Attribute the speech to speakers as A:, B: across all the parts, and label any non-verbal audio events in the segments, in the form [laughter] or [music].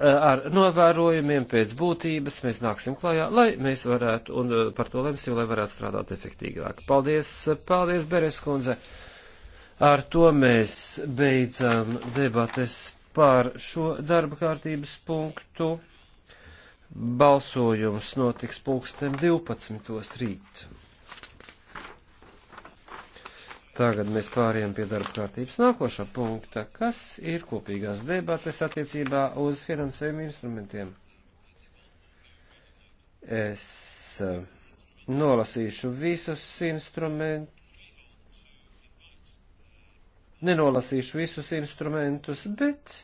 A: Eh, ar novērojumiem pēc būtības mēs nāksim klajā, lai mēs varētu, un eh, par to lemsim, lai varētu strādāt efektīvāk. Paldies, paldies, Beres kundze. Ar to mēs beidzam debates par šo darba kārtības punktu. Balsojums notiks pulksten 12. rīt. Tagad mēs pāriem pie darba kārtības nākošā punkta, kas ir kopīgās debates attiecībā uz finansējuma instrumentiem. Es eh, nolasīšu visus instrumentus, nenolasīšu visus instrumentus, bet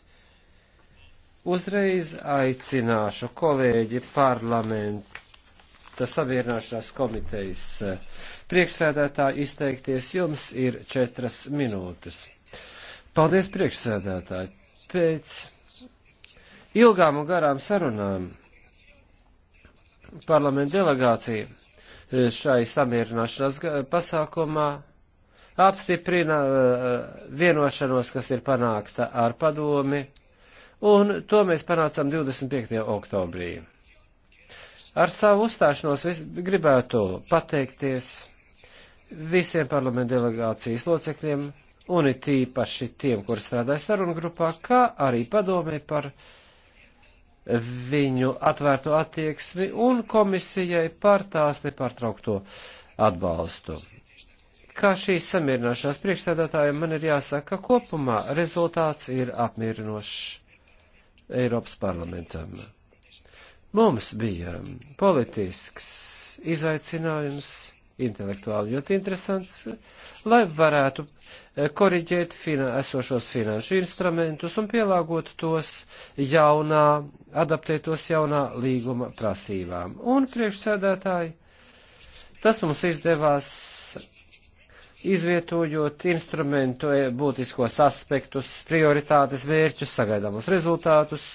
A: uzreiz aicināšu kolēģi parlamentu samierināšanās komitejas eh, priekšsēdētāju izteikties. Jums ir četras minūtes. Paldies priekšsēdētāji. Pēc ilgām un garām sarunām parlamenta delegācija eh, šai samierināšanās pasākumā apstiprina eh, vienošanos, kas ir panākta ar padomi, un to mēs panācām 25. oktobrī. Ar savu uzstāšanos es gribētu pateikties visiem parlamentu delegācijas locekļiem un it īpaši tiem, kur strādāja sarunu grupā, kā arī padomē par viņu atvērto attieksmi un komisijai par tās nepārtraukto atbalstu. Kā šīs samierināšanās priekšstādātājiem man ir jāsaka, ka kopumā rezultāts ir apmierinošs Eiropas parlamentam. Mums bija um, politisks izaicinājums, intelektuāli ļoti interesants, lai varētu eh, koriģēt fina esošos finanšu instrumentus un pielāgot tos jaunā, adaptētos jaunā līguma prasībām. Un priekšsēdētāji, tas mums izdevās izvietojot instrumentu e, būtiskos aspektus, prioritātes, vērķus, sagaidāmus rezultātus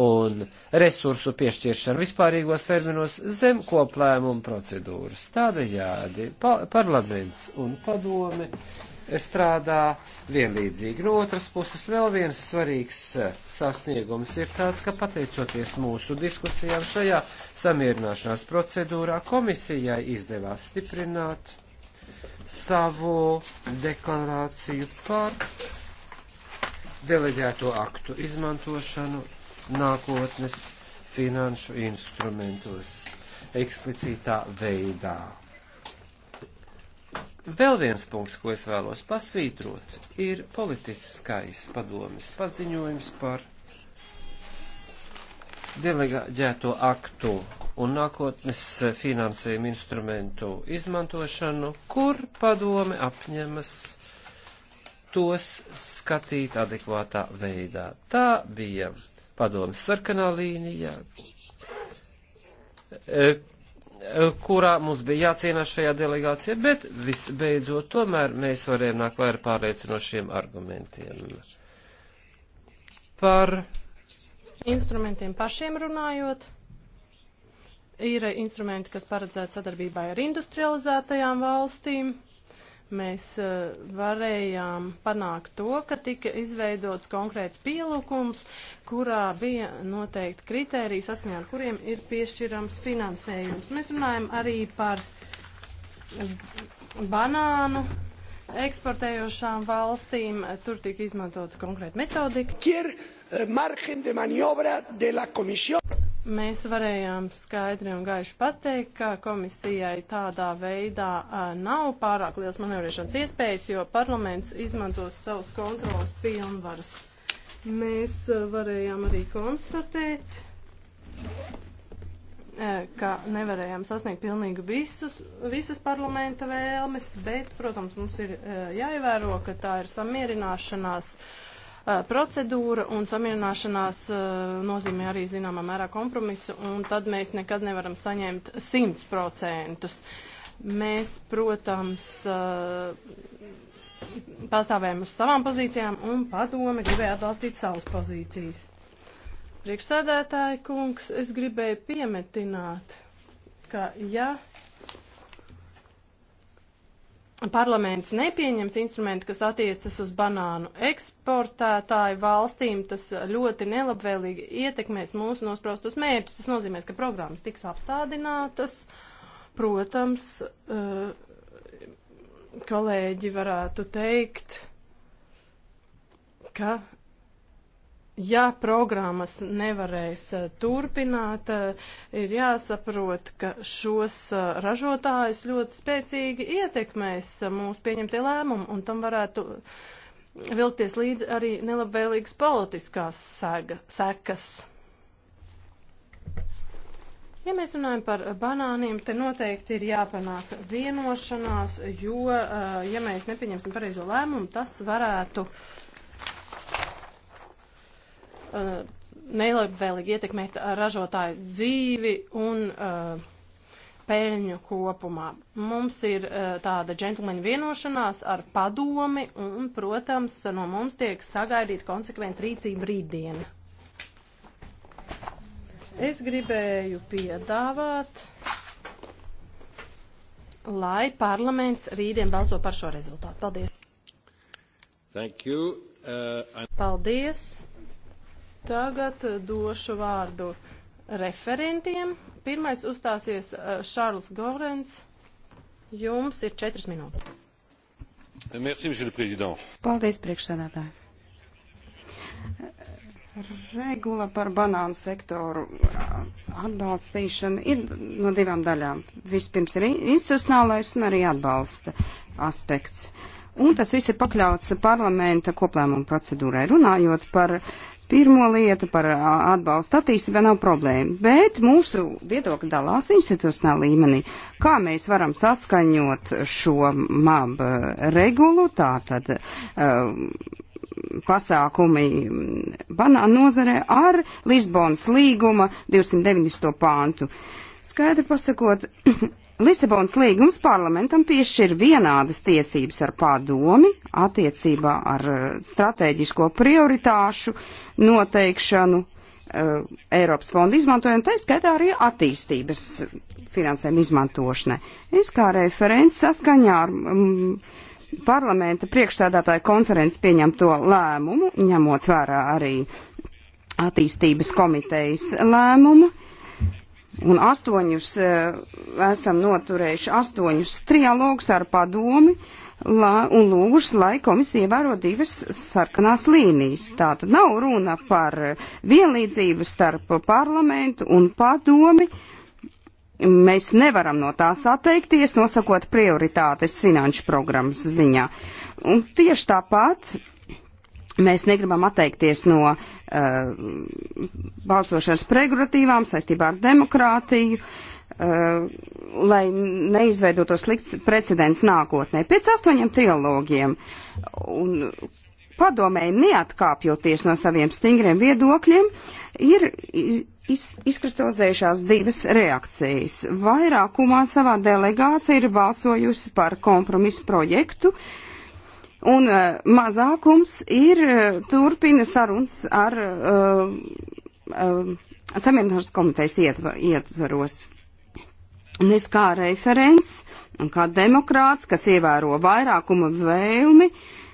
A: un resursu piešķiršanu vispārīgos terminos zem koplēmuma procedūras. Tādējādi pa parlaments un padome strādā vienlīdzīgi. No otras puses vēl viens svarīgs e, sasniegums ir tāds, ka pateicoties mūsu diskusijām šajā samierināšanās procedūrā komisijai izdevās stiprināt savu deklarāciju par deleģēto aktu izmantošanu nākotnes finanšu instrumentos eksplicitā veidā. Vēl viens punkts, ko es vēlos pasvītrot, ir politiskais padomis paziņojums par delegēto aktu un nākotnes finansējuma instrumentu izmantošanu, kur padome apņemas tos skatīt adekvātā veidā. Tā bija padomas sarkanā līnija, e, kurā mums bija jācīnās šajā delegācijā, bet visbeidzot tomēr mēs varējām nākt vairāk pārliecinošiem argumentiem. Par
B: instrumentiem pašiem runājot. Ir instrumenti, kas paredzēti sadarbībai ar industrializētajām valstīm. Mēs uh, varējām panākt to, ka tika izveidots konkrēts pielūkums, kurā bija noteikti kriteriji, saskaņā ar kuriem ir piešķirams finansējums. Mēs runājam arī par banānu eksportējošām valstīm. Tur tika izmantota konkrēta metodika. Margen de maniobra
A: de la comisión
B: Mēs varējām skaidri un gaiši pateikt, ka komisijai tādā veidā a, nav pārāk liels manevrēšanas iespējas, jo parlaments izmantos savus kontrolas pilnvaras. Mēs a, varējām arī konstatēt, ka nevarējām sasniegt pilnīgi visus, visas parlamenta vēlmes, bet, protams, mums ir jāievēro, ka tā ir samierināšanās. Uh, procedūra un samierināšanās nozīmē arī zināmā mērā kompromisu, un tad mēs nekad nevaram saņemt 100%. Mēs, protams, pastāvējam uz savām pozīcijām, un padome gribēja atbalstīt savas pozīcijas. Priekšsēdētāji kungs, es gribēju piemetināt, ka ja parlaments nepieņems instrumentu, kas attiecas uz banānu eksportētāju valstīm, tas ļoti nelabvēlīgi ietekmēs mūsu nospraustos mērķus. Tas nozīmēs, ka programmas tiks apstādinātas. Protams, eh, kolēģi varētu teikt, ka ja programmas nevarēs eh, turpināt, eh, ir jāsaprot, ka šos eh, ražotājus ļoti spēcīgi ietekmēs mūsu pieņemtie lēmumi, un tam varētu vilkties līdzi arī nelabvēlīgas politiskās sega, sekas. Ja mēs runājam par banāniem, te noteikti ir jāpanāk vienošanās, jo, ja mēs nepieņemsim pareizo lēmumu, tas varētu uh, uh, nelabvēlīgi ietekmēt ražotāju dzīvi un uh, peļņu kopumā. Mums ir uh, tāda džentlmeņa vienošanās ar padomi un, protams, no mums tiek sagaidīt konsekventa rīcība rītdien. Es gribēju piedāvāt, lai parlaments rītdien balso par šo rezultātu. Paldies!
A: Thank you. Uh, I'm...
B: Paldies! Tagad došu vārdu referentiem. Pirmais uzstāsies eh, Šārls Gorens. Jums ir četras minūtes.
A: Merci, monsieur le président.
B: Paldies, priekšsēdētāji.
C: Regula par banānu sektoru eh, atbalstīšana ir no divām daļām. Vispirms ir institucionālais un arī atbalsta aspekts. Uh, Un tas viss ir pakļauts parlamenta koplēmuma procedūrai. Runājot par pirmo lietu, par atbalstu attīstībai nav problēma, bet mūsu viedokļi dalās institucionālā līmenī. Kā mēs varam saskaņot šo MAB regulu, tātad uh, pasākumi banānu nozarē ar Lisbonas līguma 290. pāntu. Skaidri pasakot, Lisabonas līgums parlamentam piešķir vienādas tiesības ar padomi attiecībā ar eh, strateģisko prioritāšu noteikšanu uh, Eiropas fonda izmantojumu, tā skaitā arī attīstības finansēm izmantošanai. Es kā referents saskaņā ar mm, parlamenta priekšstādātāju konferences pieņemto lēmumu, ņemot vērā arī attīstības komitejas lēmumu, uh, Un astoņus e, esam noturējuši astoņus trialogus ar padomi la, un lūguši, lai komisija ievēro divas sarkanās līnijas. Tā tad nav runa par vienlīdzību starp parlamentu un padomi. Mēs nevaram no tās atteikties, nosakot prioritātes finanšu programmas ziņā. Un tieši tāpat Mēs negribam atteikties no uh, balsošanas prerogatīvām saistībā ar demokrātiju, uh, lai neizveidotos slikts precedents nākotnē. Pēc astoņiem trilogiem un padomēji neatkāpjoties no saviem stingriem viedokļiem, ir iz, izkristalizējušās divas reakcijas. Vairākumā savā delegācija ir balsojusi par kompromisu projektu, uh, Un uh, mazākums ir uh, turpina sarunas ar uh, uh, samierināšanas komitejas ietva, ietvaros. Un es kā referents un kā demokrāts, kas ievēro vairākuma vēlmi, uh,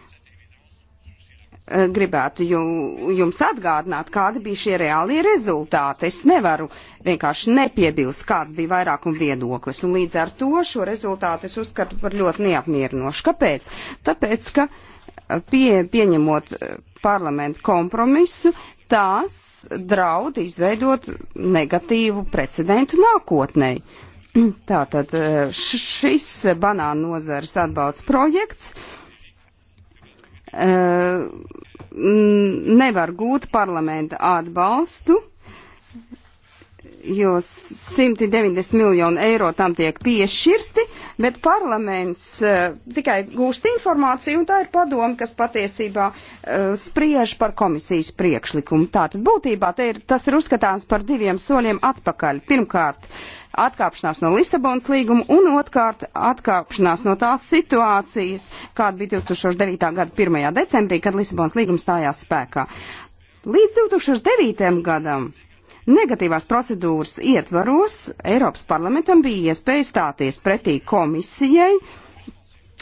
C: Eh, gribētu jums atgādināt, kādi bija šie reālie rezultāti. Es nevaru vienkārši nepiebilst, kāds bija vairākuma viedoklis, un līdz ar to šo rezultātu es uzskatu par ļoti neapmierinošu. Kāpēc? Tāpēc, ka eh, pie, pieņemot eh, parlamentu kompromisu, tās draud izveidot negatīvu precedentu nākotnē. [clears throat] Tātad šis banānu nozares atbalsts projekts Eh, nevar gūt parlamenta atbalstu, jo 190 miljonu eiro tam tiek piešķirti, bet parlaments uh, tikai gūst informāciju, un tā ir padoma, kas patiesībā uh, spriež par komisijas priekšlikumu. Tātad būtībā ir, tas ir uzskatāms par diviem soļiem atpakaļ. Pirmkārt, uh, atkāpšanās no Lisabonas līguma un otrkārt atkāpšanās no tās situācijas, kāda bija 2009. gada 1. decembrī, kad Lisabonas līgums stājās spēkā. Līdz 2009. gadam negatīvās procedūras ietvaros Eiropas parlamentam bija iespēja stāties pretī komisijai,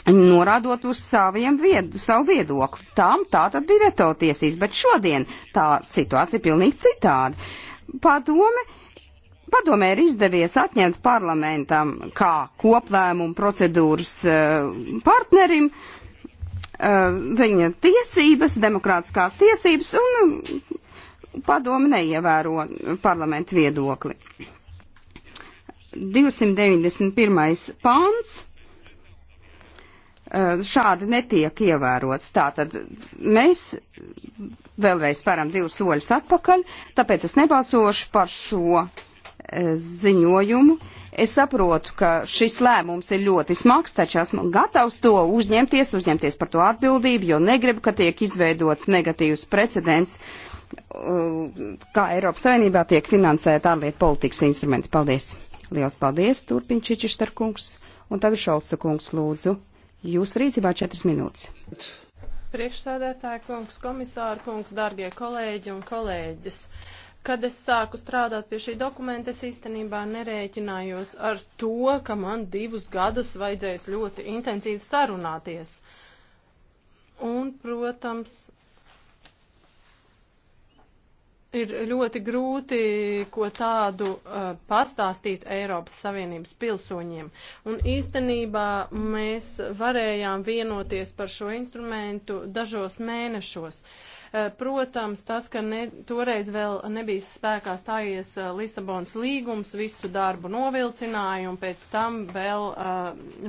C: norādot uz saviem viedu, savu viedokli. Tām tā tad bija veto tiesības, bet šodien tā situācija ir pilnīgi citāda. Padome Padomē ir izdevies atņemt parlamentam kā koplēmumu procedūras e, partnerim e, viņa tiesības, demokrātiskās tiesības, un e, padomi neievēro parlamentu viedokli. 291. pāns šādi netiek ievērots. Tātad mēs vēlreiz param divus soļus atpakaļ, tāpēc es nebalsošu par šo ziņojumu. Es saprotu, ka šis lēmums ir ļoti smags, taču esmu gatavs to uzņemties, uzņemties par to atbildību, jo negribu, ka tiek izveidots negatīvs precedents, uh, kā Eiropas Savienībā tiek finansēta ārlietu politikas instrumenti. Paldies! Liels paldies, turpin Čičištarkungs. Un tagad Šolca kungs lūdzu. Jūsu rīcībā četras minūtes.
B: Priekšsēdētāja kungs, komisāra kungs, darbie kolēģi un kolēģis. Uh, Kad es sāku strādāt pie šī dokumenta, es īstenībā nerēķinājos ar to, ka man divus gadus vajadzēs ļoti intensīvi sarunāties. Un, protams, ir ļoti grūti ko tādu uh, pastāstīt Eiropas Savienības pilsoņiem. Un īstenībā mēs varējām vienoties par šo instrumentu dažos mēnešos. Uh, Eh, protams, tas, ka ne, toreiz vēl nebija spēkā stājies eh, Lisabons līgums, visu darbu novilcināja un pēc tam vēl uh,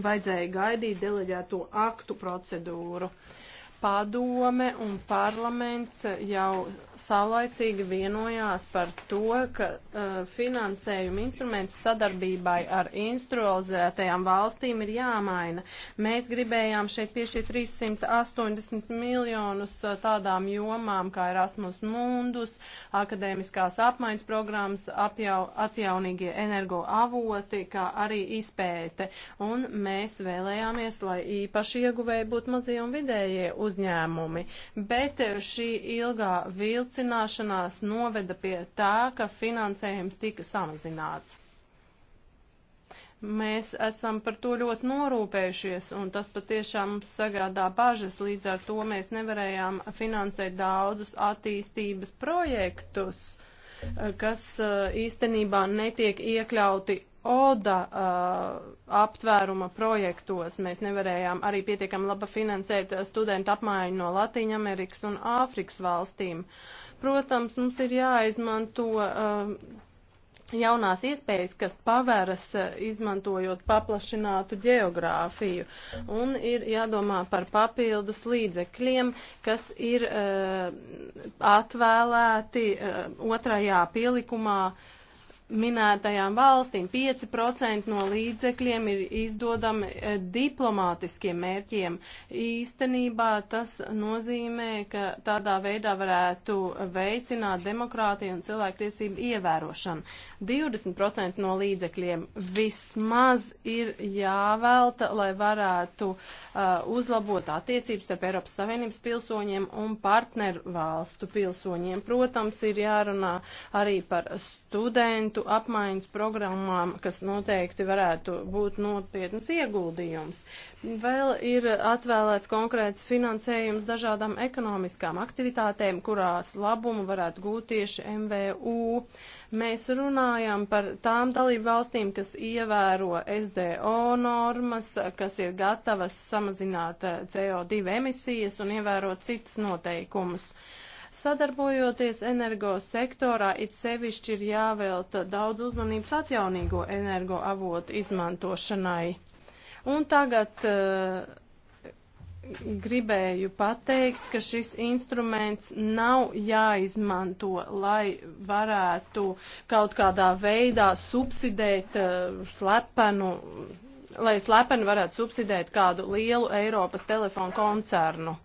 B: vajadzēja gaidīt deleģēto aktu procedūru. Uh, padome un parlaments jau saulaicīgi vienojās par to, ka uh, finansējuma instruments sadarbībai ar instrualizētajām valstīm ir jāmaina. Mēs gribējām šeit piešķirt 380 miljonus uh, tādām jomām, kā Erasmus Mundus, akadēmiskās apmaiņas programmas, apjau, atjaunīgie energoavoti, kā arī izpēte. Un mēs vēlējāmies, lai īpaši ieguvēji būtu mazie un vidējie uzņēmumi uzņēmumi. Bet šī ilgā vilcināšanās noveda pie tā, ka finansējums tika samazināts. Mēs esam par to ļoti norūpējušies, un tas patiešām mums sagādā bažas. Līdz ar to mēs nevarējām finansēt daudzus attīstības projektus, kas uh, īstenībā netiek iekļauti ODA uh, aptvēruma projektos. Mēs nevarējām arī pietiekami labi finansēt uh, studentu apmaiņu no Latīņamerikas un Āfrikas valstīm. Protams, mums ir jāizmanto. Uh, jaunās iespējas, kas paveras uh, izmantojot paplašinātu geogrāfiju. Un ir jādomā par papildus līdzekļiem, kas ir uh, atvēlēti uh, otrajā pielikumā uh, minētajām valstīm 5% no līdzekļiem ir izdodami e, diplomātiskiem mērķiem. Īstenībā tas nozīmē, ka tādā veidā varētu veicināt demokrātiju un cilvēktiesību ievērošanu. 20% no līdzekļiem vismaz ir jāvelta, lai varētu uh, uzlabot attiecības starp Eiropas Savienības pilsoņiem un partneru valstu pilsoņiem. Protams, ir jārunā arī par studentu dokumentu apmaiņas programmām, kas noteikti varētu būt nopietnas ieguldījums. Vēl ir atvēlēts konkrēts finansējums dažādām ekonomiskām aktivitātēm, kurās labumu varētu gūt tieši MVU. Mēs runājam par tām dalību valstīm, kas ievēro SDO normas, kas ir gatavas samazināt eh, CO2 emisijas un ievērot citas noteikumus. Uh, Sadarbojoties energosektorā, it sevišķi ir jāvelta daudz uzmanības atjaunīgo energoavotu izmantošanai. Un tagad uh, gribēju pateikt, ka šis instruments nav jāizmanto, lai varētu kaut kādā veidā subsidēt uh, slepenu, lai slepeni varētu subsidēt kādu lielu Eiropas telefonu koncernu.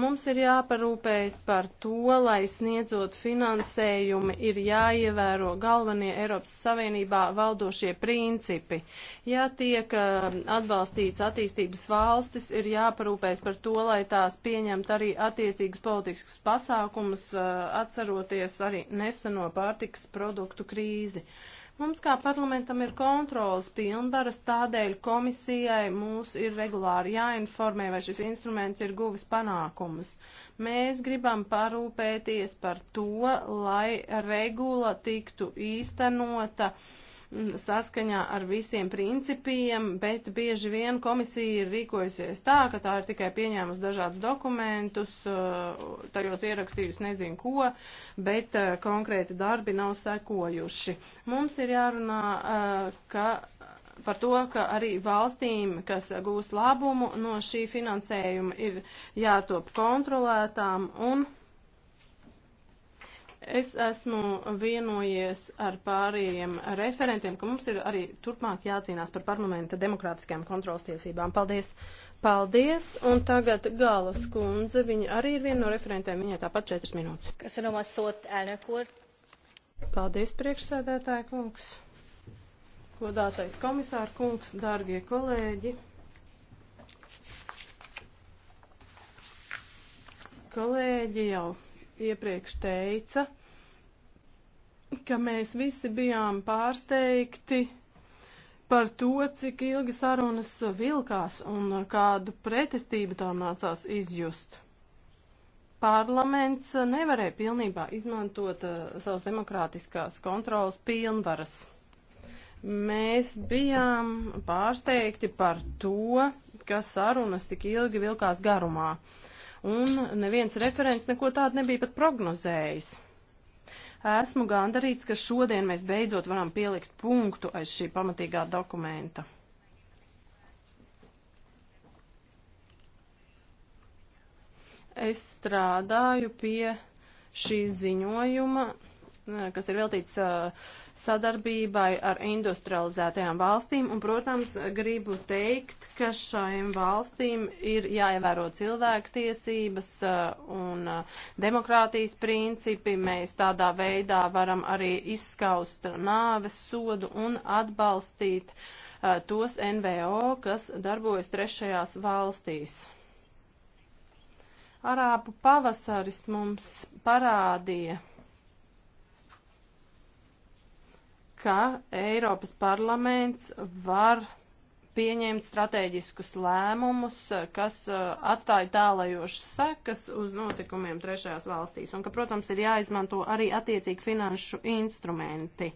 B: Mums ir jāparūpējas par to, lai sniedzot finansējumi ir jāievēro galvenie Eiropas Savienībā valdošie principi. Ja tiek um, atbalstīts attīstības valstis, ir jāparūpējas par to, lai tās pieņemt arī attiecīgus politiskus pasākumus, uh, atceroties arī neseno pārtiks produktu krīzi. Uh, Mums kā parlamentam ir kontrolas pilnvaras, tādēļ komisijai mūs ir regulāri jāinformē, vai šis instruments ir guvis panākumus. Mēs gribam parūpēties par to, lai regula tiktu īstenota uh, Mm, saskaņā ar visiem principiem, bet bieži vien komisija ir rīkojusies tā, ka tā ir tikai pieņēmusi dažādus dokumentus, uh, tajos ierakstījusi nezinu ko, bet uh, konkrēti darbi nav sekojuši. Mums ir jārunā, uh, ka par to, ka arī valstīm, kas gūs labumu no šī finansējuma, ir jātop kontrolētām un Es esmu vienojies ar pārējiem referentiem, ka mums ir arī turpmāk jācīnās par parlamenta demokrātiskajām kontrolas tiesībām. Paldies! Paldies! Un tagad Gālas kundze, viņa arī ir viena no referentiem, viņai tāpat četras minūtes. Kas ir nomās sot ēnekot? Paldies, priekšsēdētāja kungs! Godātais komisāra kungs, dārgie kolēģi! Kolēģi jau iepriekš teica, ka mēs visi bijām pārsteigti par to, cik ilgi sarunas vilkās un kādu pretestību tām nācās izjust. Parlaments nevarēja pilnībā izmantot uh, savas demokrātiskās kontrolas pilnvaras. Mēs bijām pārsteigti par to, ka sarunas tik ilgi vilkās garumā. Uh, un neviens referents neko tādu nebija pat prognozējis. Esmu gandarīts, ka šodien mēs beidzot varam pielikt punktu aiz šī pamatīgā dokumenta. Es strādāju pie šī ziņojuma, kas ir veltīts uh, sadarbībai ar industrializētajām valstīm, un, protams, gribu teikt, ka šajām valstīm ir jāievēro cilvēktiesības uh, un uh, demokrātijas principi. Mēs tādā veidā varam arī izskaust nāves sodu un atbalstīt uh, tos NVO, kas darbojas trešajās valstīs. Arābu pavasaris mums parādīja, ka Eiropas parlaments var pieņemt strateģiskus lēmumus, kas uh, atstāja tālajošas sekas uz notikumiem trešajās valstīs, un ka, protams, ir jāizmanto arī attiecīgi finanšu instrumenti.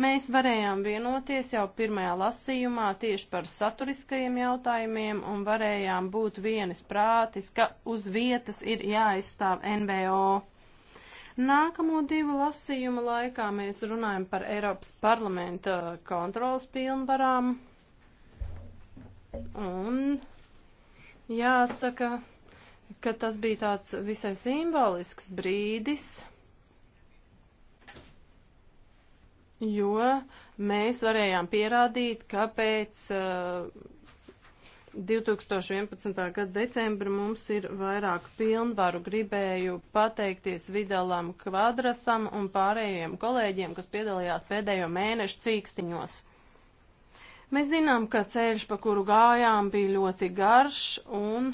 B: Mēs varējām vienoties jau pirmajā lasījumā tieši par saturiskajiem jautājumiem un varējām būt vienis prātis, ka uz vietas ir jāizstāv NVO. Nākamo divu lasījumu laikā mēs runājam par Eiropas parlamenta kontrolas pilnvarām. Un jāsaka, ka tas bija tāds visai simbolisks brīdis, jo mēs varējām pierādīt, kāpēc uh, 2011. gada decembra mums ir vairāk pilnvaru. Gribēju pateikties Vidalam Kvadrasam un pārējiem kolēģiem, kas piedalījās pēdējo mēnešu cīkstiņos. Mēs zinām, ka ceļš, pa kuru gājām, bija ļoti garš un,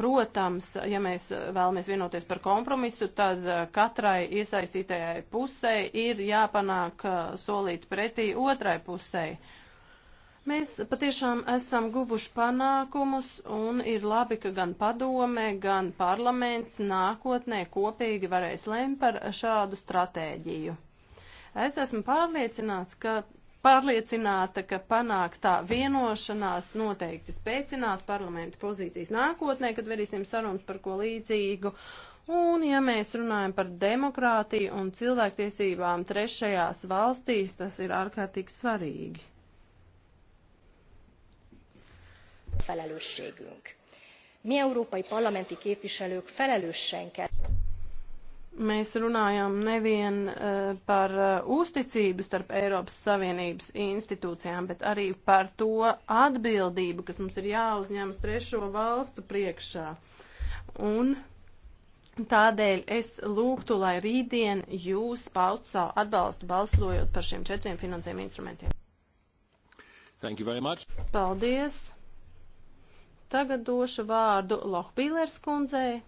B: protams, ja mēs vēlamies vienoties par kompromisu, tad eh, katrai iesaistītajai pusē ir jāpanāk eh, solīt pretī otrai pusēji Mēs patiešām esam guvuši panākumus un ir labi, ka gan padome, gan parlaments nākotnē kopīgi varēs lemt par šādu stratēģiju. Es esmu pārliecināts, ka pārliecināta, ka panāktā vienošanās noteikti spēcinās parlamentu pozīcijas nākotnē, kad verīsim sarunas par ko līdzīgu. Un, ja mēs runājam par demokrātiju un cilvēktiesībām trešajās valstīs, tas ir ārkārtīgi svarīgi. felelősségünk. Mi európai parlamenti képviselők felelősen kell Mēs runājam nevien uh, par uh, uzticību starp Eiropas Savienības institūcijām, bet arī par to atbildību, kas mums ir jāuzņemas trešo valstu priekšā. Un Tādēļ es lūgtu, lai rītdien jūs paustu savu atbalstu balsojot par šiem četriem finansējuma instrumentiem.
A: Thank you very much.
B: Paldies. Tagad došu vārdu Lohbīlers kundzei.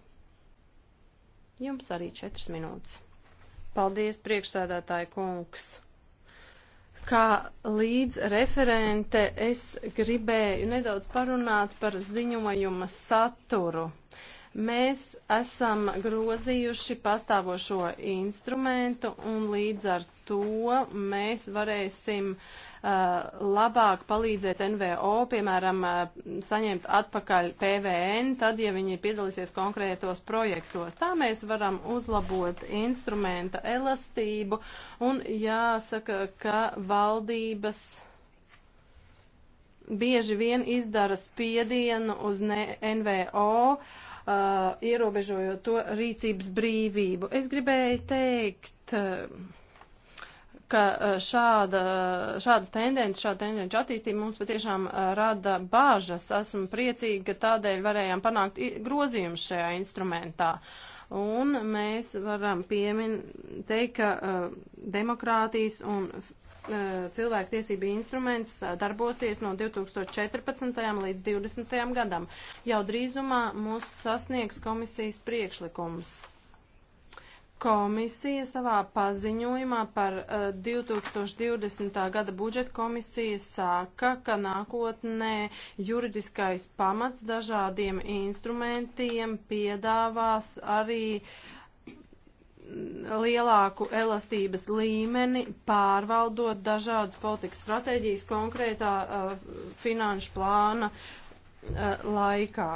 B: Jums arī četras minūtes. Paldies, priekšsēdētāji kungs. Kā līdz referente es gribēju nedaudz parunāt par ziņojuma saturu. Mēs esam grozījuši pastāvošo instrumentu un līdz ar to mēs varēsim uh, Uh, labāk palīdzēt NVO, piemēram, uh, saņemt atpakaļ PVN, tad, ja viņi piedalīsies konkrētos projektos. Tā mēs varam uzlabot instrumenta elastību un jāsaka, ka valdības bieži vien izdara spiedienu uz NVO, uh, ierobežojot to rīcības brīvību. Es gribēju teikt, uh, ka e, šāda, šādas tendences, šāda tendenci attīstība mums patiešām e, rada bāžas. Esmu priecīga, ka tādēļ varējām panākt grozījumus šajā instrumentā. Un mēs varam piemin, teikt, ka uh, demokrātijas un cilvēktiesība instruments darbosies no 2014. līdz 2020. gadam. Jau drīzumā mūs sasniegs komisijas priekšlikums. Komisija savā paziņojumā par 2020. Eh, gada budžeta komisija saka, ka nākotnē juridiskais pamats dažādiem instrumentiem piedāvās arī mm, lielāku elastības līmeni, pārvaldot dažādas politikas stratēģijas konkrētā uh, finanšu plāna uh, laikā.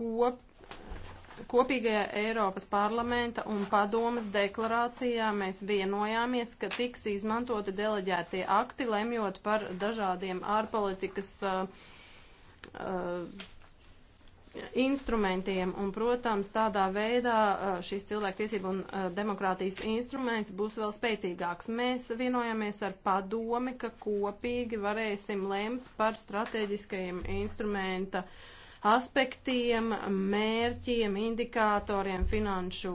B: Kop kopīgajā Eiropas parlamenta un padomas deklarācijā mēs vienojāmies, ka tiks izmantoti deleģētie akti, lemjot par dažādiem ārpolitikas uh, uh, instrumentiem, un, protams, tādā veidā uh, šis cilvēktiesību un uh, demokrātijas instruments būs vēl spēcīgāks. Mēs vienojamies ar padomi, ka kopīgi varēsim lemt par strateģiskajiem instrumenta uh, aspektiem, mērķiem, indikatoriem, finanšu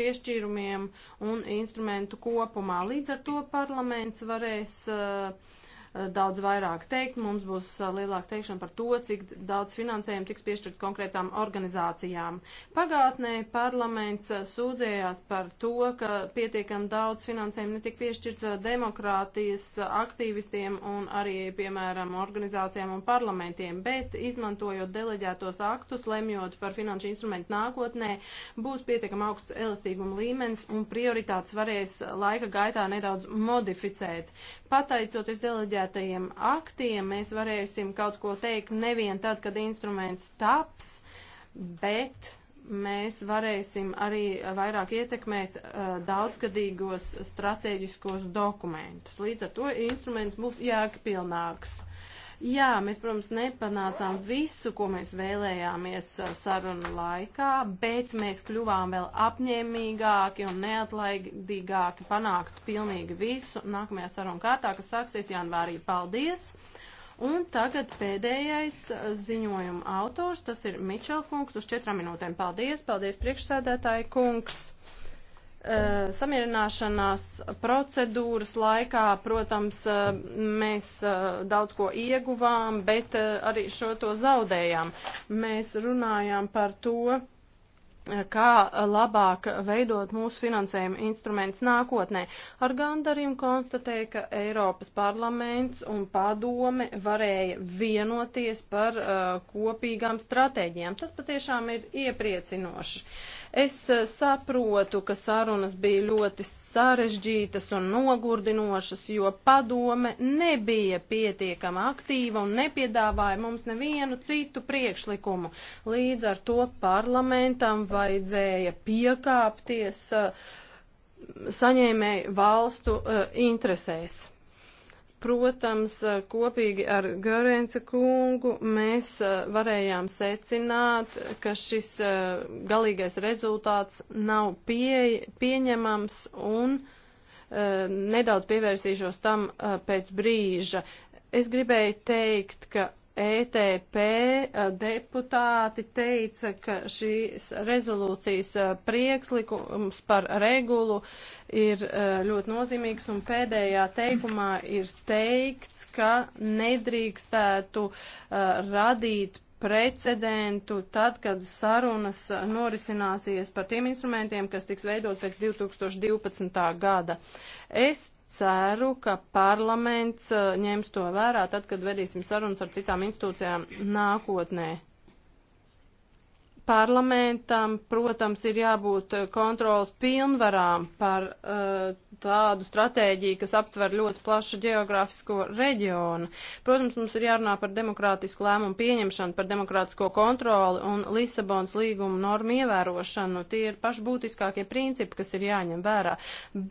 B: piešķīrumiem un instrumentu kopumā. Līdz ar to parlaments varēs uh, Eh, daudz vairāk teikt, mums būs eh, lielāka teikšana par to, cik daudz finansējumu tiks piešķirts konkrētām organizācijām. Pagātnē parlaments eh, sūdzējās par to, ka pietiekam daudz finansējumu netika piešķirts demokrātijas aktīvistiem un arī, piemēram, organizācijām un parlamentiem, bet izmantojot deleģētos aktus, lemjot par finanšu instrumentu nākotnē, būs pietiekam augsts elastīguma līmenis un prioritātes varēs laika gaitā nedaudz modificēt. Pateicoties deleģētājiem, deleģētajiem aktiem mēs varēsim kaut ko teikt nevien tad, kad instruments taps, bet mēs varēsim arī vairāk ietekmēt uh, daudzgadīgos strateģiskos dokumentus. Līdz ar to instruments būs jēgpilnāks. Jā, mēs, protams, nepanācām visu, ko mēs vēlējāmies uh, sarunu laikā, bet mēs kļuvām vēl apņēmīgāki un neatlaidīgāki panākt pilnīgi visu nākamajā sarunu kārtā, kas sāksies janvārī. Paldies! Un tagad pēdējais uh, ziņojuma autors, tas ir Mičel kungs, uz četrām minūtēm. Paldies, paldies priekšsēdētāji kungs! Eh, samierināšanās procedūras laikā, protams, eh, mēs eh, daudz ko ieguvām, bet arī šo to zaudējām. Mēs runājām par to, kā labāk veidot mūsu finansējuma instrumentus nākotnē. Ar gandarījumu konstatēja, ka Eiropas parlaments un padome varēja vienoties par uh, kopīgām stratēģijām. Tas patiešām ir iepriecinoši. Es uh, saprotu, ka sarunas bija ļoti sarežģītas un nogurdinošas, jo padome nebija pietiekama aktīva un nepiedāvāja mums nevienu citu priekšlikumu. Līdz ar to parlamentam vajadzēja piekāpties eh, saņēmēju valstu eh, interesēs protams, eh, kopīgi ar Görence kungu mēs varējām secināt, ka šis galīgais rezultāts nav pie, pieņemams un nedaudz pievērsīšos tam pēc brīža. Es gribēju teikt, ka ETP eh, deputāti teica, ka šīs rezolūcijas eh, priekšlikums par regulu ir eh, ļoti nozīmīgs un pēdējā teikumā ir teikts, ka nedrīkstētu radīt precedentu tad, kad sarunas norisināsies par tiem instrumentiem, kas tiks veidot pēc 2012. gada. Es ceru, ka parlaments eh, ņems to vērā tad, kad vedīsim sarunas ar citām institūcijām nākotnē. Parlamentam, protams, ir jābūt eh, kontrolas pilnvarām par uh, tādu stratēģiju, kas aptver ļoti plašu geogrāfisko reģionu. Protams, mums ir jārunā par demokrātisku lēmumu pieņemšanu, par demokrātisko kontroli un Lisabons līguma normu ievērošanu. Tie ir pašbūtiskākie principi, kas ir jāņem vērā.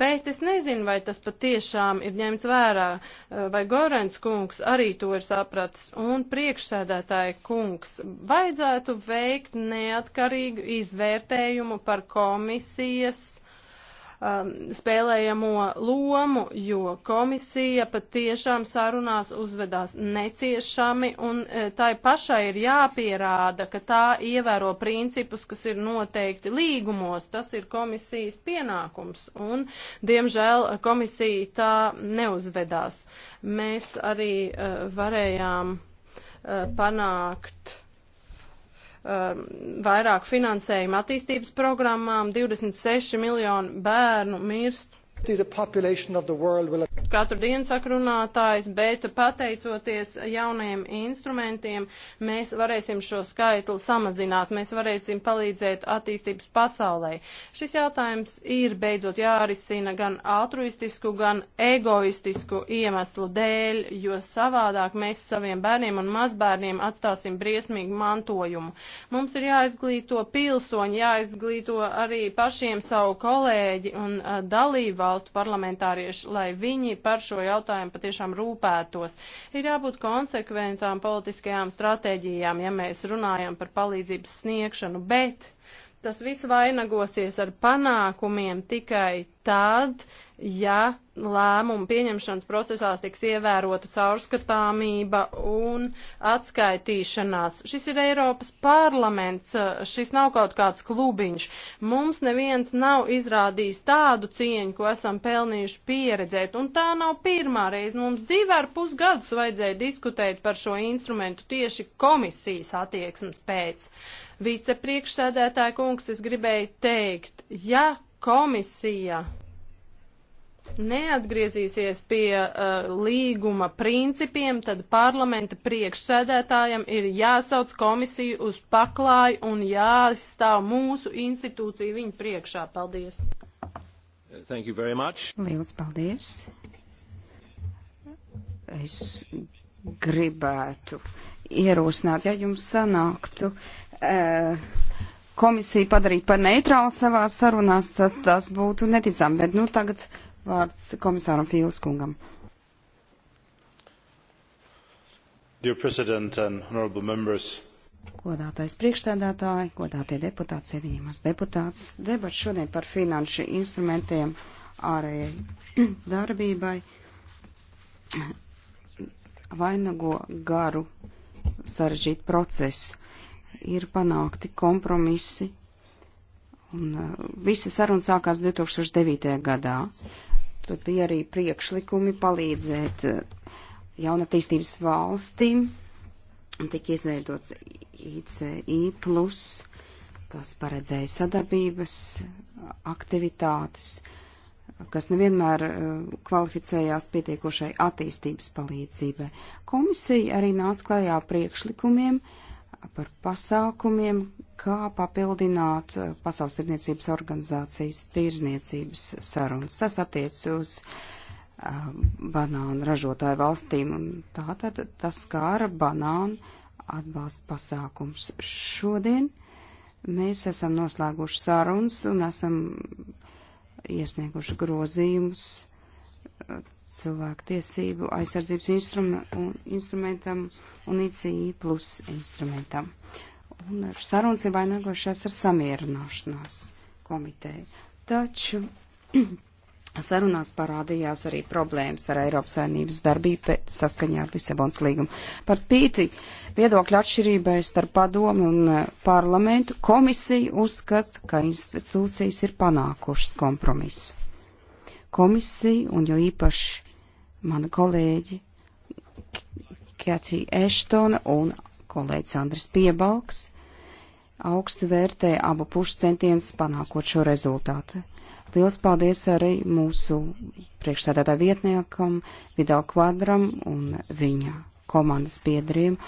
B: Bet es nezinu, vai tas patiešām ir ņemts vērā, eh, vai Gorens kungs arī to ir sapratis, un priekšsēdētāja kungs vajadzētu veikt ne neatkarīgu izvērtējumu par komisijas um, spēlējamo lomu, jo komisija patiešām sarunās uzvedās neciešami, un e, tai pašai ir jāpierāda, ka tā ievēro principus, kas ir noteikti līgumos. Tas ir komisijas pienākums, un, diemžēl, komisija tā neuzvedās. Mēs arī uh, varējām uh, panākt Um, vairāk finansējuma attīstības programmām, 26 miljoni bērnu mirst
A: Katru
B: dienu sakrunātājs, bet pateicoties jaunajiem instrumentiem, mēs varēsim šo skaitli samazināt, mēs varēsim palīdzēt attīstības pasaulē. Šis jautājums ir beidzot jārisina gan altruistisku, gan egoistisku iemeslu dēļ, jo savādāk mēs saviem bērniem un mazbērniem atstāsim briesmīgu mantojumu. Mums ir jāizglīto pilsoņi, jāizglīto arī pašiem savu kolēģi un dalībvalstu valstu parlamentārieši, lai viņi par šo jautājumu patiešām rūpētos. Ir jābūt konsekventām politiskajām stratēģijām, ja mēs runājam par palīdzības sniegšanu, bet tas viss vainagosies ar panākumiem tikai tad, ja lēmumu pieņemšanas procesās tiks ievērota caurskatāmība un atskaitīšanās. Šis ir Eiropas parlaments, šis nav kaut kāds klubiņš. Mums neviens nav izrādījis tādu cieņu, ko esam pelnījuši pieredzēt, un tā nav pirmā reize. Mums divi ar pus gadus vajadzēja diskutēt par šo instrumentu tieši komisijas attieksmes pēc. Vicepriekšsēdētāja kungs, es gribēju teikt, ja komisija neatgriezīsies pie uh, līguma principiem, tad parlamenta priekšsēdētājam ir jāsauc komisiju uz paklāju un jāizstāv mūsu institūciju viņu priekšā. Paldies!
C: Thank you very much. Lielas paldies! Es gribētu ierosināt, ja jums sanāktu. Uh, komisiju padarīt par neitrālu savā sarunās, tad tas būtu neticami. Bet nu tagad vārds komisāram Fīles kungam. Godātais priekšstādātāji, godātie deputāti, cienījumās deputāts, debats šodien par finanšu instrumentiem ārējai [clears throat] darbībai vainago garu sarežģītu procesu ir panākti kompromisi. Un uh, visa saruna sākās 2009. gadā. Tur bija arī priekšlikumi palīdzēt uh, jaunatīstības valstīm. Tika izveidots ICI, plus, kas paredzēja sadarbības aktivitātes, kas nevienmēr uh, kvalificējās pietiekošai attīstības palīdzībai. Komisija arī nāca klajā priekšlikumiem, uh, par pasākumiem, kā papildināt eh, Pasaules tirniecības organizācijas tirzniecības sarunas. Tas attiec uz uh, banānu ražotāju valstīm, un tātad tas skāra banānu atbalsta pasākums. Šodien mēs esam noslēguši sarunas un esam iesnieguši grozījumus eh, cilvēku tiesību aizsardzības instrum, un instrumentam un ICI plus instrumentam. Un sarunas ir vainagošās ar samierināšanās komiteju. Taču [clears throat] sarunās parādījās arī problēmas ar Eiropas saimnības darbību saskaņā ar Lisabons līgumu. Par spīti viedokļu atšķirībai starp padomu un eh, parlamentu komisija uzskata, ka institūcijas ir panākušas kompromisu komisija un jo īpaši mani kolēģi Katija Eštona un kolēģis Andris Piebalgs augstu vērtē abu pušu centienus panākot šo rezultātu. Liels paldies arī mūsu priekšsēdētā vietniekam Vidal Kvadram un viņa komandas biedriem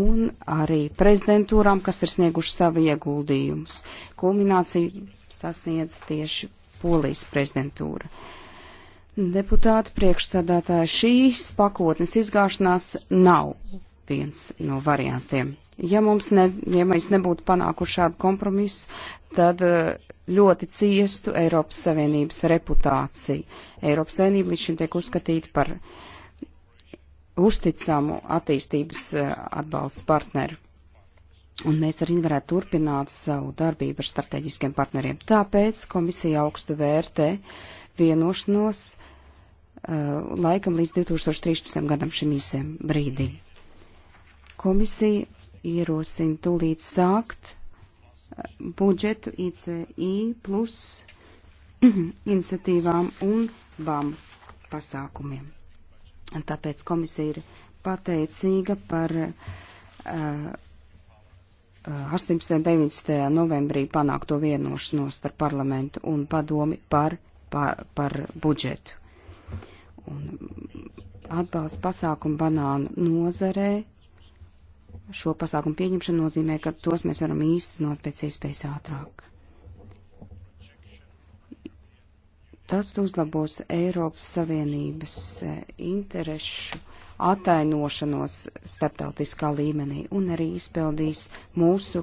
C: un arī prezidentūram, kas ir snieguši savu ieguldījumus. Kulmināciju sasniedz tieši Polijas prezidentūra. Uh, Deputāti priekšsādātāji, šīs pakotnes izgāšanās nav viens no variantiem. Ja mums ne, ja mēs nebūtu panākuši šādu kompromisu, tad eh, ļoti ciestu Eiropas Savienības reputāciju. Eiropas Savienība līdz šim tiek uzskatīta par uzticamu attīstības eh, atbalsta partneri. Un mēs arī varētu turpināt savu darbību ar strateģiskiem partneriem. Tāpēc komisija augstu vērtē uh, vienošanos uh, laikam līdz 2013. gadam šim īsiem brīdim. Komisija ierosina tūlīt sākt uh, budžetu ICI plus [clears throat] iniciatīvām un BAM pasākumiem. Tāpēc komisija ir pateicīga par uh, 18. Uh, un 19. novembrī panākto vienošanos starp parlamentu un padomi par par, par budžetu. Un atbalsts pasākumu banānu nozarē. Šo pasākumu pieņemšana nozīmē, ka tos mēs varam īstenot pēc iespējas ātrāk. Tas uzlabos Eiropas Savienības e, interešu atainošanos starptautiskā līmenī un arī izpildīs mūsu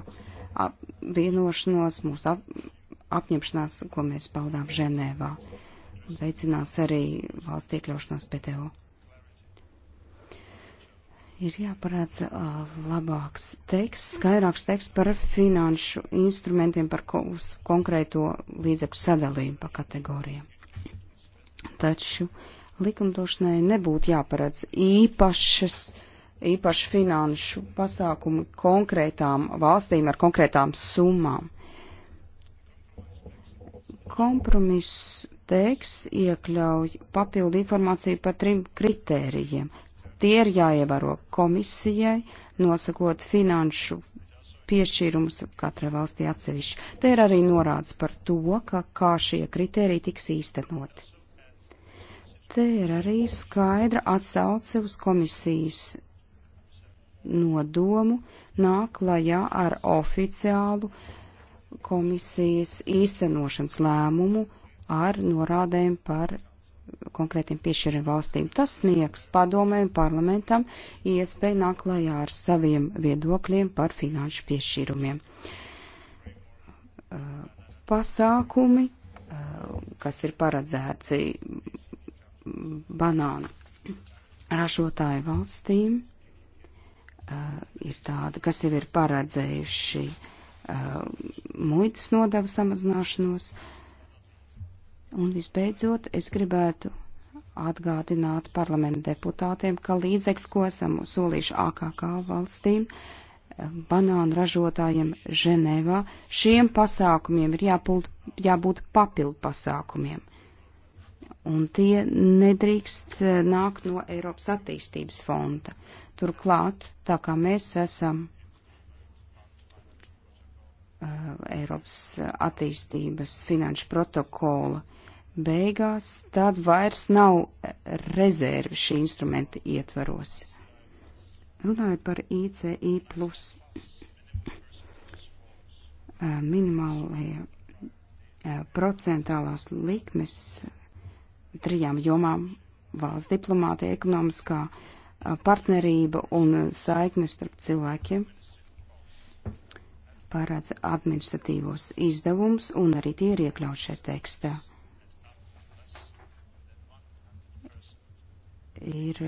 C: vienošanos, mūsu apņemšanās, ko mēs paudām Ženēvā. Veicinās arī valsts iekļaušanās PTO. Ir jāparāds uh, labāks teksts, skaidrāks teksts par finanšu instrumentiem, par ko, konkrēto līdzekļu sadalījumu pa kategorijām. Taču likumdošanai nebūtu jāparāds īpašas uh, īpaši finanšu pasākumu konkrētām valstīm ar konkrētām summām. Kompromiss teiks iekļauj papildu informāciju par trim kritērijiem. Tie ir jāievēro komisijai, nosakot finanšu piešķīrumus katrai valstī atsevišķi. Te ir arī norāds par to, ka kā šie kritēriji tiks īstenoti. Te ir arī skaidra atsauce uz komisijas nodomu nāk lajā ar oficiālu uh, komisijas īstenošanas lēmumu ar norādēm par konkrētiem piešķiriem valstīm. Tas sniegs padomēm parlamentam iespēju nāk klajā ar saviem viedokļiem par finanšu piešķirumiem. Uh, pasākumi, uh, kas ir paredzēti banānu ražotāju valstīm, uh, ir tādi, kas jau ir paredzējuši uh, Uh, muitas nodevu samazināšanos. Un visbeidzot, es gribētu atgādināt parlamentu deputātiem, ka līdzekļi, ko esam solījuši AKK valstīm, uh, banānu ražotājiem Ženēvā, šiem pasākumiem ir jāpult, jābūt papildu pasākumiem. Un tie nedrīkst uh, nākt no Eiropas attīstības fonda. Turklāt, tā kā mēs esam Uh, Eiropas attīstības finanšu protokola beigās, tad vairs nav rezervi šī instrumenta ietvaros. Runājot par ICI plus uh, minimālie uh, procentālās likmes trijām jomām - valsts diplomātija, ekonomiskā partnerība un saiknes starp cilvēkiem paredz administratīvos izdevumus, un arī tie ir iekļauts šajā tekstā. Ir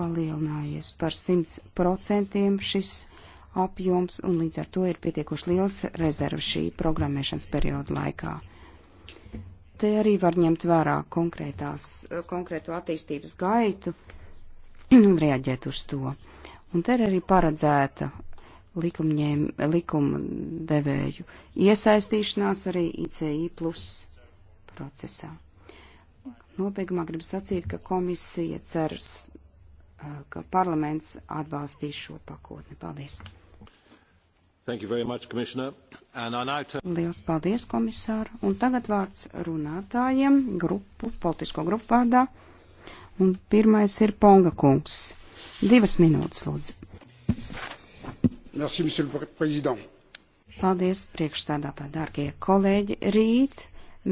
C: palielinājies par 100% šis apjoms, un līdz ar to ir pietiekoši liels rezervs šī programmēšanas perioda laikā. Te arī var ņemt vērā konkrēto attīstības gaitu un reaģēt uz to. Un te ir arī paredzēta likumņēm, likuma devēju iesaistīšanās arī ICI plus procesā. Nobeigumā gribu sacīt, ka komisija cers, ka parlaments atbalstīs šo pakotni.
A: Paldies! Much, Liels
C: paldies, komisār! Un tagad vārds runātājiem grupu, politisko grupu vārdā. Un pirmais ir Ponga kungs. Divas minūtes, lūdzu. Merci, monsieur le président. Paldies, priekšstādātāji, dārgie kolēģi. Rīt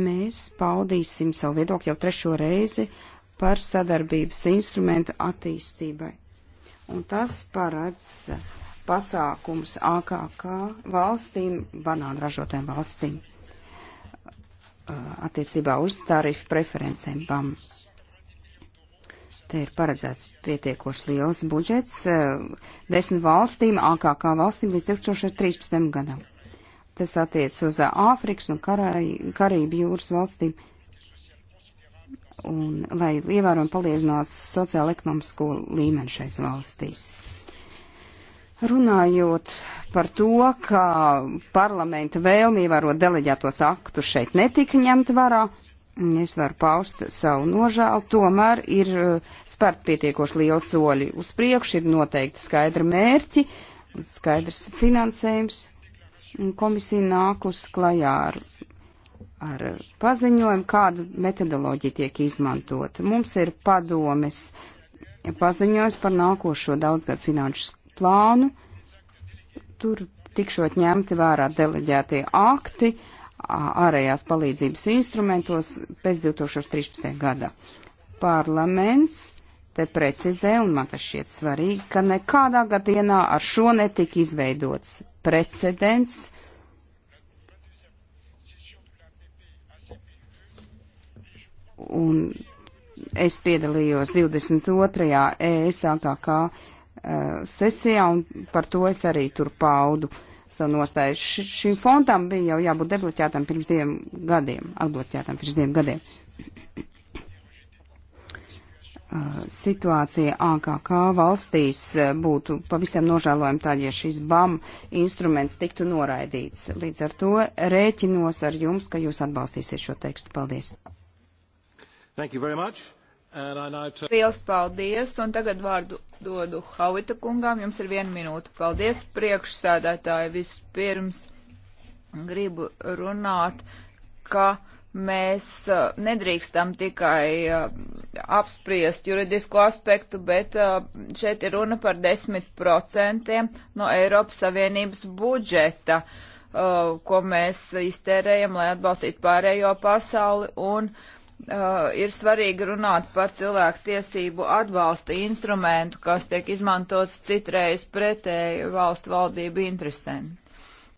C: mēs paudīsim savu viedokli jau trešo reizi par sadarbības instrumentu attīstībai. Un tas paredz pasākums AKK valstīm, banānu ražotēm valstīm uh, attiecībā uz tarifu preferencēm BAM. Te ir paredzēts pietiekoši liels budžets eh, desmit valstīm, AKK valstīm līdz 2013. gadam. Tas attiec uz eh, Āfrikas un Karību jūras valstīm. Un, lai ievērojami palielinātu sociālo-ekonomisko līmeni šais valstīs. Runājot par to, ka parlamenta vēlmi ievērot deleģētos aktus šeit netika ņemt vērā, Es varu paust savu nožēlu, tomēr ir eh, spērt pietiekoši lieli soļi. Uz priekšu ir noteikti skaidri mērķi, skaidrs finansējums. Komisija nāk uz klajā ar, ar paziņojumu, kādu metodoloģiju tiek izmantot. Mums ir padomes paziņojums par nākošo daudzgadu finanšu plānu. Tur tikšot ņemti vērā deleģētie akti ārējās palīdzības instrumentos pēc 2013. gada. Parlaments te precizē, un man tas šķiet svarīgi, ka nekādā gadienā ar šo netika izveidots precedents. Un es piedalījos 22. ESAKK eh, sesijā, un par to es arī tur paudu uh, savu nostāju. Š, šim fondam bija jau jābūt debloķētam pirms diviem gadiem, atbloķētam pirms diviem gadiem. [clears throat] Uh, situācija AKK valstīs uh, būtu pavisam nožēlojama tā, ja šis BAM instruments tiktu noraidīts. Līdz ar to rēķinos ar jums, ka jūs atbalstīsiet šo tekstu. Paldies!
A: Thank you very much.
D: To... Liels paldies, un tagad vārdu dodu Havita kungām. Jums ir viena minūte. Paldies, priekšsēdētāji. Vispirms gribu runāt, ka mēs uh, nedrīkstam tikai uh, apspriest juridisko aspektu, bet uh, šeit ir runa par 10% no Eiropas Savienības budžeta, ko mēs iztērējam, lai atbalstītu pārējo pasauli. Un, uh, Uh, ir svarīgi runāt par cilvēku tiesību atbalsta instrumentu, kas tiek izmantots citreiz pretēji valstu valdību interesēm.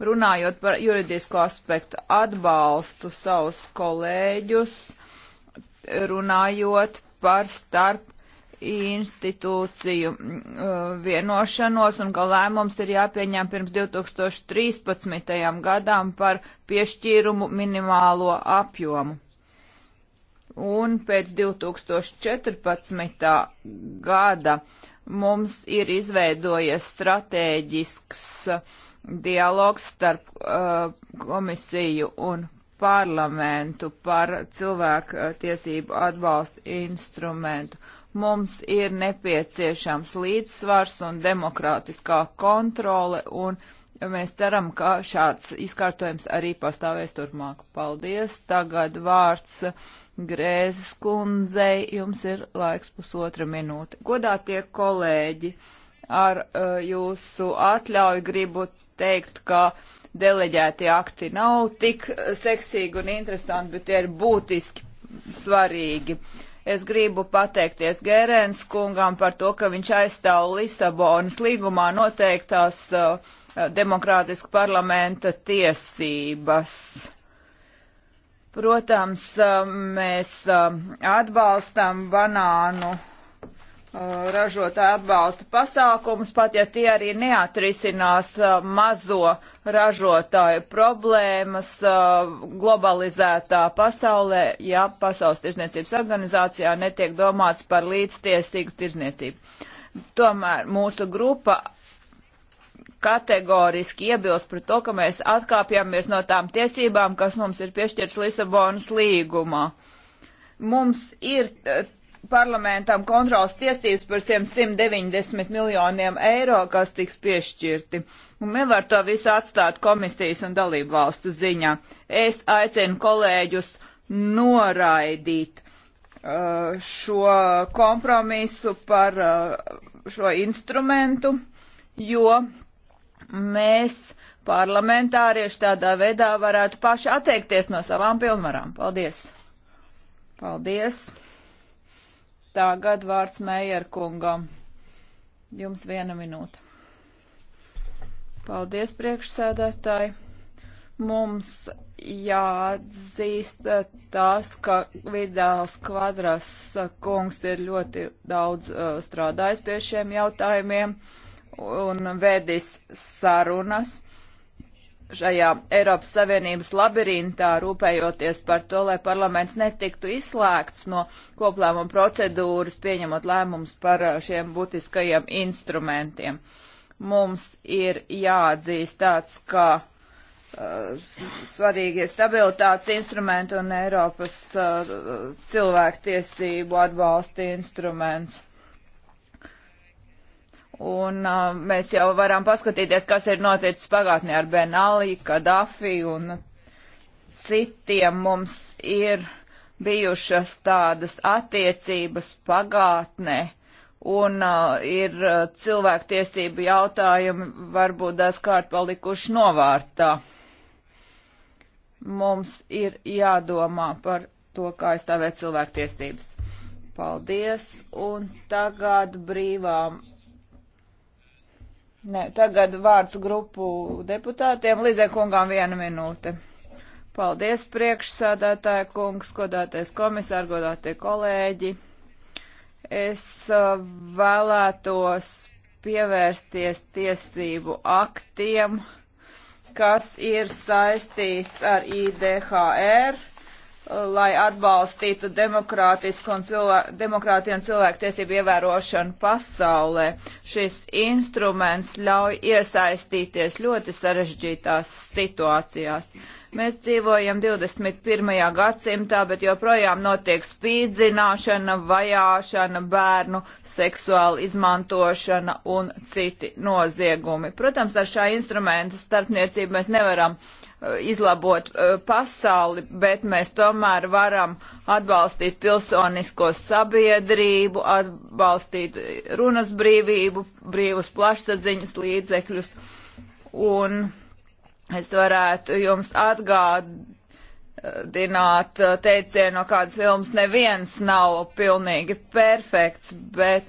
D: Runājot par juridisko aspektu atbalstu savus kolēģus, runājot par starp institūciju mm, uh, vienošanos un ka lēmums ir jāpieņem pirms 2013. gadām par piešķīrumu minimālo apjomu un pēc 2014. gada mums ir izveidojies stratēģisks uh, dialogs starp uh, komisiju un parlamentu par cilvēku uh, tiesību atbalstu instrumentu. Mums ir nepieciešams līdzsvars un demokrātiskā kontrole un jo mēs ceram, ka šāds izkārtojums arī pastāvēs turpmāk. Paldies! Tagad vārds Grēzes kundzei, jums ir laiks pusotra minūte. Godātie kolēģi, ar uh, jūsu atļauju gribu teikt, ka deleģētie akti nav tik seksīgi un interesanti, bet tie ir būtiski svarīgi. Es gribu pateikties Gērēns kungam par to, ka viņš aizstāv Lisabonas līgumā noteiktās uh, demokrātiska parlamenta tiesības. Protams, mēs atbalstam banānu ražotāju atbalsta pasākumus, pat ja tie arī neatrisinās mazo ražotāju problēmas globalizētā pasaulē, ja Pasaules tirzniecības organizācijā netiek domāts par līdztiesīgu tirzniecību. Tomēr mūsu grupa kategoriski iebilst pret to, ka mēs atkāpjamies no tām tiesībām, kas mums ir piešķirts Lisabonas līgumā. Mums ir eh, parlamentam kontrols tiesības par 190 miljoniem eiro, kas tiks piešķirti. Un nevar to visu atstāt komisijas un dalību valstu ziņā. Es aicinu kolēģus noraidīt uh, šo kompromisu par uh, šo instrumentu, jo mēs, parlamentārieši, tādā veidā varētu paši atteikties no savām pilnvarām. Paldies! Paldies! Tagad vārds Meijer kungam. Jums viena minūte. Paldies, priekšsēdētāji! Mums jāatzīst eh, tas, ka Vidāls Kvadras eh, kungs ir ļoti daudz uh, strādājis pie šiem jautājumiem. Uh, un vedis sarunas šajā Eiropas Savienības labirintā, rūpējoties par to, lai parlaments netiktu izslēgts no koplēmuma procedūras, pieņemot lēmumus par šiem būtiskajiem instrumentiem. Mums ir jāatzīst tāds, ka uh, svarīgie stabilitātes instrumenti un Eiropas uh, cilvēktiesību atbalsta instruments. Un uh, mēs jau varam paskatīties, kas ir noticis pagātnē ar Benālī, Kadafi un citiem mums ir bijušas tādas attiecības pagātnē. Un uh, ir uh, cilvēktiesību jautājumi varbūt dažkārt palikuši novārtā. Mums ir jādomā par to, kā aizstāvēt cilvēktiesības. Paldies, un tagad brīvām Nē, tagad vārds grupu deputātiem. Līdzē kungām viena minūte. Paldies, priekšsādātāja kungs, godātais komisār, godātie kolēģi. Es uh, vēlētos pievērsties tiesību aktiem, kas ir saistīts ar IDHR lai atbalstītu demokrātisku un cilvēku, demokrātiju un cilvēktiesību ievērošanu pasaulē. Šis instruments ļauj iesaistīties ļoti sarežģītās situācijās. Uh, Mēs dzīvojam 21. gadsimtā, bet joprojām notiek spīdzināšana, vajāšana, bērnu seksuāla izmantošana un citi noziegumi. Protams, ar šā instrumenta starpniecību mēs nevaram eh, izlabot eh, pasauli, bet mēs tomēr varam atbalstīt pilsonisko sabiedrību, atbalstīt runas brīvību, brīvus plašsaziņas līdzekļus un Es varētu jums atgādināt eh, teicienu, no kādas filmas neviens nav pilnīgi perfekts, bet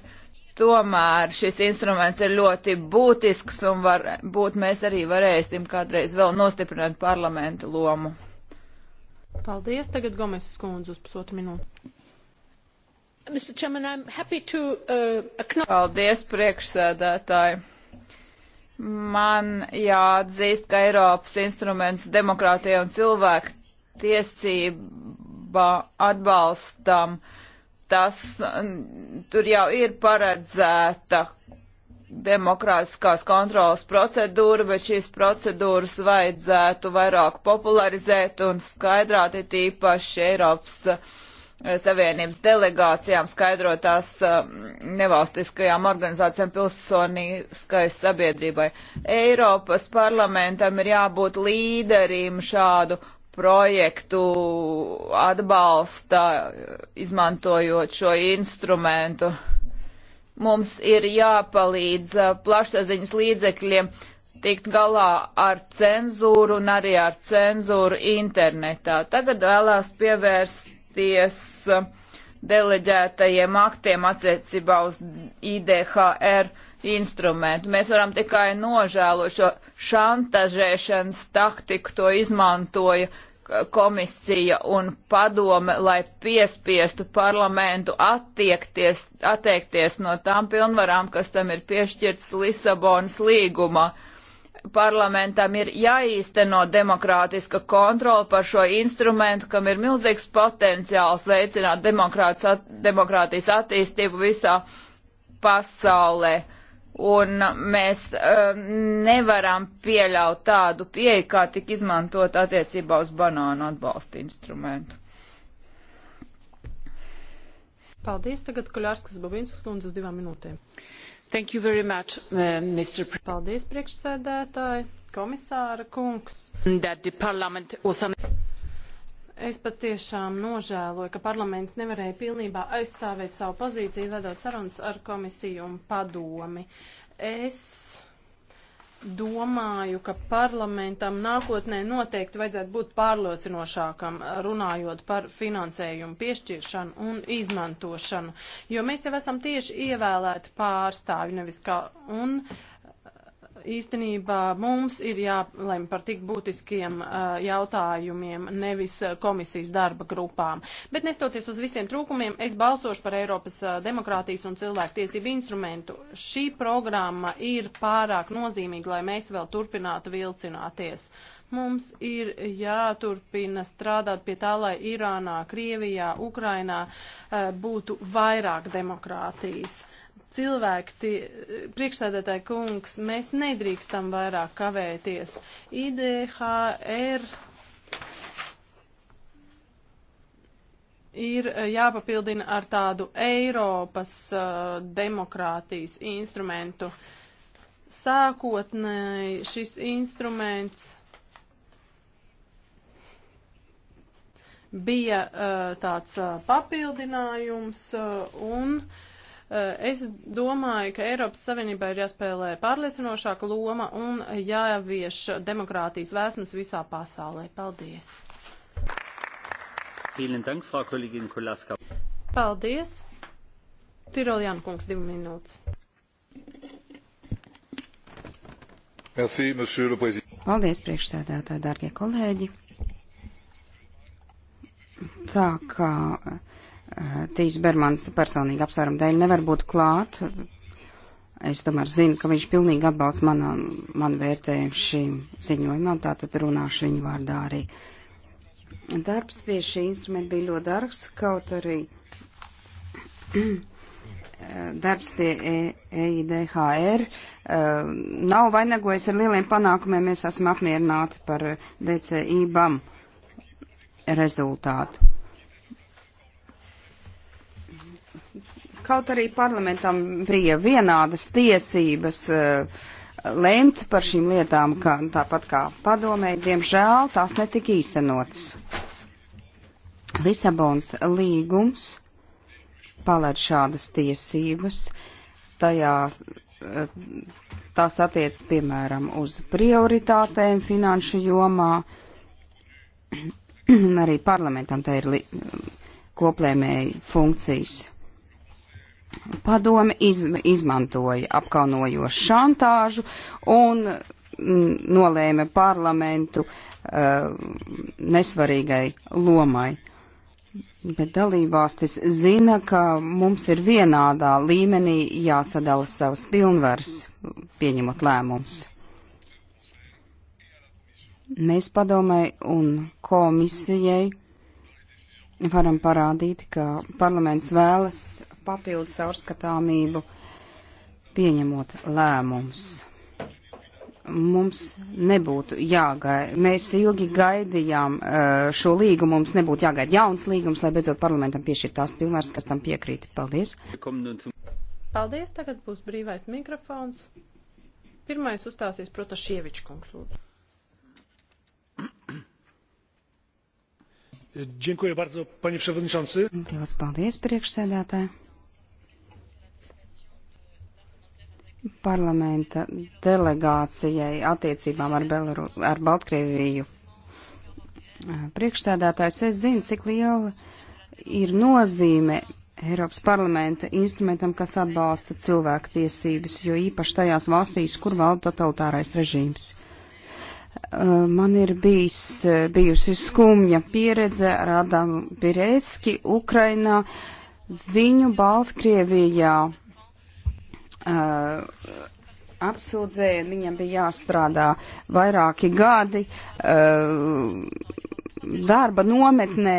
D: tomēr šis instruments ir ļoti būtisks un varbūt mēs arī varēsim kādreiz vēl nostiprināt parlamenta lomu.
B: Paldies, tagad Gomes skundz uz pusotru minūtu. Chairman,
D: to, uh, Paldies, priekšsēdētāji! Man jāatzīst, ka Eiropas instruments demokrātija un cilvēku tiesība atbalstam, tas tur jau ir paredzēta demokrātiskās kontrolas procedūra, bet šīs procedūras vajadzētu vairāk popularizēt un skaidrāt it īpaši Eiropas uh, Savienības delegācijām, skaidrotās uh, nevalstiskajām organizācijām pilsoniskai sabiedrībai. Eiropas parlamentam ir jābūt līderim šādu projektu atbalsta, izmantojot šo instrumentu. Mums ir jāpalīdz uh, plašsaziņas līdzekļiem tikt galā ar cenzūru un arī ar cenzūru internetā. Tagad vēlās pievērst pievērsties uh, deleģētajiem aktiem attiecībā uz IDHR instrumentu. Mēs varam tikai nožēlot šo šantažēšanas taktiku, to izmantoja komisija un padome, lai piespiestu parlamentu attiekties, attiekties no tām pilnvarām, kas tam ir piešķirts Lisabonas līgumā parlamentam ir jāīsteno demokrātiska kontrola par šo instrumentu, kam ir milzīgs potenciāls veicināt at demokrātijas attīstību visā pasaulē. Un mēs um, nevaram pieļaut tādu pieeju, kā tik izmantot attiecībā uz banānu atbalstu instrumentu.
B: Paldies, tagad Kuļārskas Babinskas kundze uz divām minūtēm. Much, uh, Paldies, priekšsēdētāji, komisāra kungs. Also... Es patiešām nožēloju, ka parlaments nevarēja pilnībā aizstāvēt savu pozīciju, vedot sarunas ar komisiju un padomi. Es domāju, ka parlamentam nākotnē noteikti vajadzētu būt pārliecinošākam runājot par finansējumu piešķiršanu un izmantošanu, jo mēs jau esam tieši ievēlēti pārstāvi nevis kā un uh, īstenībā mums ir jālem par tik būtiskiem uh, jautājumiem, nevis uh, komisijas darba grupām. Bet nestoties uz visiem trūkumiem, es balsošu par Eiropas uh, demokrātijas un cilvēktiesību instrumentu. Šī programma ir pārāk nozīmīga, lai mēs vēl turpinātu vilcināties. Mums ir jāturpina strādāt pie tā, lai Irānā, Krievijā, Ukrainā uh, būtu vairāk demokrātijas. Uh, cilvēki, tie, priekšsēdētāji kungs, mēs nedrīkstam vairāk kavēties. IDHR ir eh, jāpapildina ar tādu Eiropas uh, demokrātijas instrumentu. Sākotnēji šis instruments bija uh, tāds uh, papildinājums uh, un uh, Eh, es domāju, ka Eiropas Savienībā ir jāspēlē pārliecinošāka loma un jāievieš demokrātijas vēsmas visā pasaulē. Paldies!
A: Dank, Frau Kollegin Kolaska.
B: Paldies! Tiroljan kungs, divi minūtes.
C: Merci, monsieur le président. Paldies, priekšsēdētāji, dārgie kolēģi. Tā kā Tīs Bermans personīgi apsvērumu dēļ nevar būt klāt. Es tomēr zinu, ka viņš pilnīgi atbalsta manu, manu vērtējumu šīm ziņojumam, tātad runāšu viņu vārdā arī. Darbs pie šī instrumenta bija ļoti dārgs, kaut arī [clears throat] darbs pie EIDHR e uh, nav vainagojies ar lieliem panākumiem. Mēs esam apmierināti par DCI BAM rezultātu. Kaut arī parlamentam bija vienādas tiesības uh, lemt par šīm lietām, ka, tāpat kā padomēji, diemžēl tās netika īstenotas. Lisabons līgums palēd šādas tiesības, tajā eh, tās attiec, piemēram, uz prioritātēm finanšu jomā, [clears throat] arī parlamentam tā ir koplēmēji funkcijas padome iz, izmantoja apkaunojošu šantāžu un mm, nolēma parlamentu uh, nesvarīgai lomai. Bet dalībvalstis zina, ka mums ir vienādā līmenī jāsadala savas pilnvaras, pieņemot lēmumus. Mēs padomai un komisijai varam parādīt, ka parlaments vēlas papildus caurskatāmību pieņemot lēmumus. Mums nebūtu jāgaida. Mēs ilgi gaidījām eh, šo līgumu, mums nebūtu jāgaida jauns līgums, lai beidzot parlamentam piešķirt tās pilnvaras, kas tam piekrīt. Paldies!
B: Paldies, tagad būs brīvais mikrofons. Pirmais uzstāsies Protašievičs kungs, lūdzu.
A: Dziękuję bardzo, panie przewodniczący.
C: Paldies, priekšsēdētāji. parlamenta delegācijai attiecībām ar, Belaru, ar Baltkrieviju. Priekšstādātājs, es zinu, cik liela ir nozīme Eiropas parlamenta instrumentam, kas atbalsta cilvēku tiesības, jo īpaši tajās valstīs, kur valda totalitārais režīms. Man ir bijis, bijusi skumja pieredze ar Adamu Birēcki Ukrainā, viņu Baltkrievijā uh, apsūdzēja, viņam bija jāstrādā vairāki gadi uh, darba nometnē,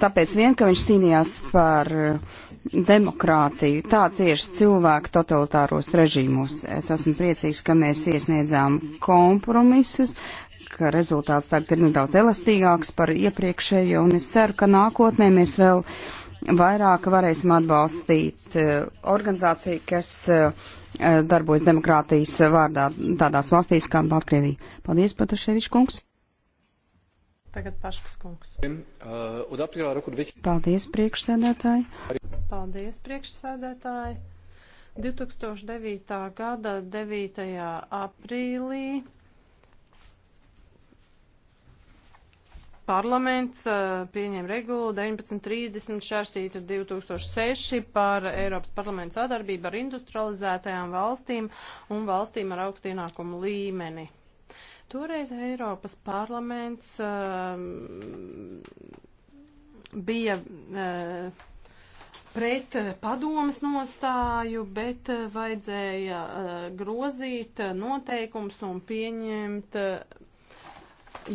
C: tāpēc vien, ka viņš cīnījās par demokrātiju. Tā cieši cilvēki totalitāros režīmos. Es esmu priecīgs, ka mēs iesniedzām kompromisus, ka rezultāts tagad ir nedaudz elastīgāks par iepriekšējo, un es ceru, ka nākotnē mēs vēl uh, vairāk varēsim atbalstīt eh, organizāciju, kas eh, darbojas demokrātijas vārdā tādās valstīs kā Baltkrievija. Paldies, Pataševičs kungs!
B: Tagad paškas kungs. Eh,
C: Paldies, priekšsēdētāji!
B: Paldies, priekšsēdētāji! 2009. gada 9. aprīlī Parlaments eh, pieņēma regulu 1930 šarsītu 2006 par Eiropas parlamentu sadarbību ar industrializētajām valstīm un valstīm ar augstu ienākumu līmeni. Toreiz Eiropas parlaments eh, bija eh, pret padomas nostāju, bet vajadzēja grozīt noteikums un pieņemt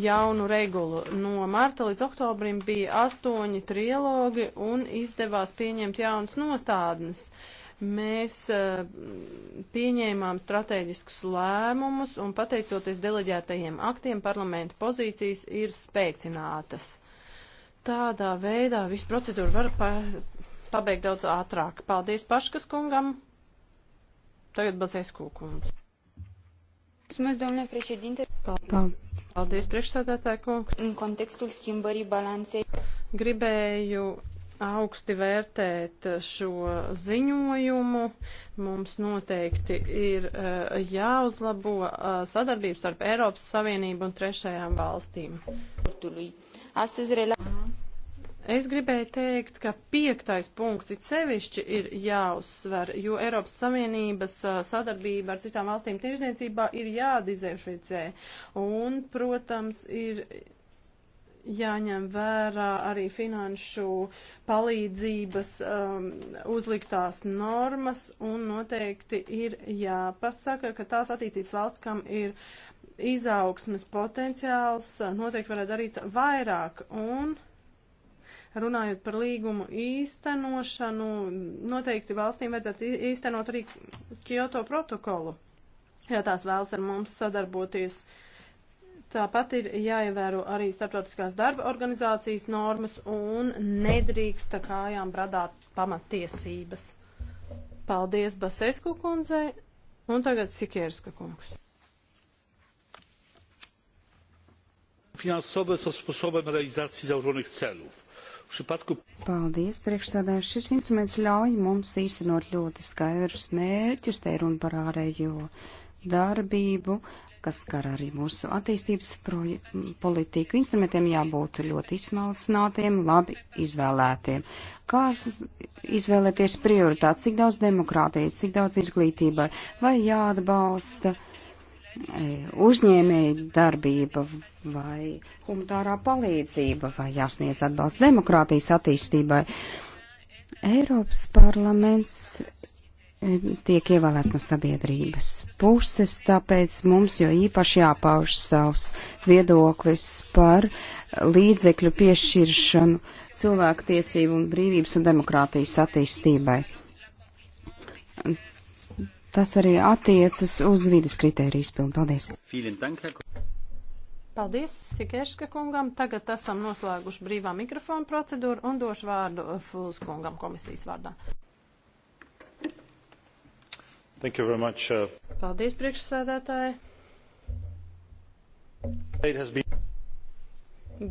B: jaunu regulu. No marta līdz oktobrim bija astoņi trilogi un izdevās pieņemt jaunas nostādnes. Mēs uh, pieņēmām strateģiskus lēmumus un pateicoties deleģētajiem aktiem parlamenta pozīcijas ir spēcinātas. Tādā veidā visu procedūru var pa pabeigt daudz ātrāk. Paldies Paškas kungam. Tagad Bazēs Kūkums. Paldies, priekšsādātāja kungs. În contextul schimbării balanței. Gribēju augsti vērtēt šo ziņojumu. Mums noteikti ir uh, jāuzlabo uh, sadarbības starp Eiropas Savienību un trešajām valstīm. Astăzi, rela... Es gribēju teikt, ka piektais punkts it sevišķi ir jāuzsver, jo Eiropas Savienības sadarbība ar citām valstīm tiešniecībā ir jādizinficē. Un, protams, ir jāņem vērā arī finanšu palīdzības um, uzliktās normas un noteikti ir jāpasaka, ka tās attīstības valsts, kam ir izaugsmes potenciāls, noteikti varētu darīt vairāk. Un Runājot par līgumu īstenošanu, noteikti valstīm vajadzētu īstenot arī Kyoto protokolu, ja tās vēlas ar mums sadarboties. Tāpat ir jāievēro arī starptautiskās darba organizācijas normas un nedrīkst kājām bradāt pamatiesības. Paldies Basesku kundzei un tagad Sikierska kungs.
A: finansowe są sposobem realizacji założonych celów przypadku.
C: Paldies, priekšsādājums. Šis instruments ļauj mums īstenot ļoti skaidrus mērķus, te runa par ārējo darbību, kas skar arī mūsu attīstības politiku. Instrumentiem jābūt ļoti izsmalcinātiem, labi izvēlētiem. Kā izvēlēties prioritāti, cik daudz demokrātijas, cik daudz izglītībai, vai jāatbalsta E, uzņēmēju darbība vai humanitārā palīdzība vai jāsniedz atbalsts demokrātijas attīstībai. Eiropas parlaments e, tiek ievēlēts no sabiedrības puses, tāpēc mums jo īpaši jāpauž savs viedoklis par līdzekļu piešķiršanu cilvēku tiesību un brīvības un demokrātijas attīstībai. Tas arī attiecas uz vidas kritēriju izpildu.
B: Paldies! Paldies Sikerska kungam. Tagad esam noslēguši brīvā mikrofona procedūru un došu vārdu eh, Fūs kungam komisijas vārdā.
C: Thank you very much. Uh...
B: Paldies priekšsēdētāji.
A: Been...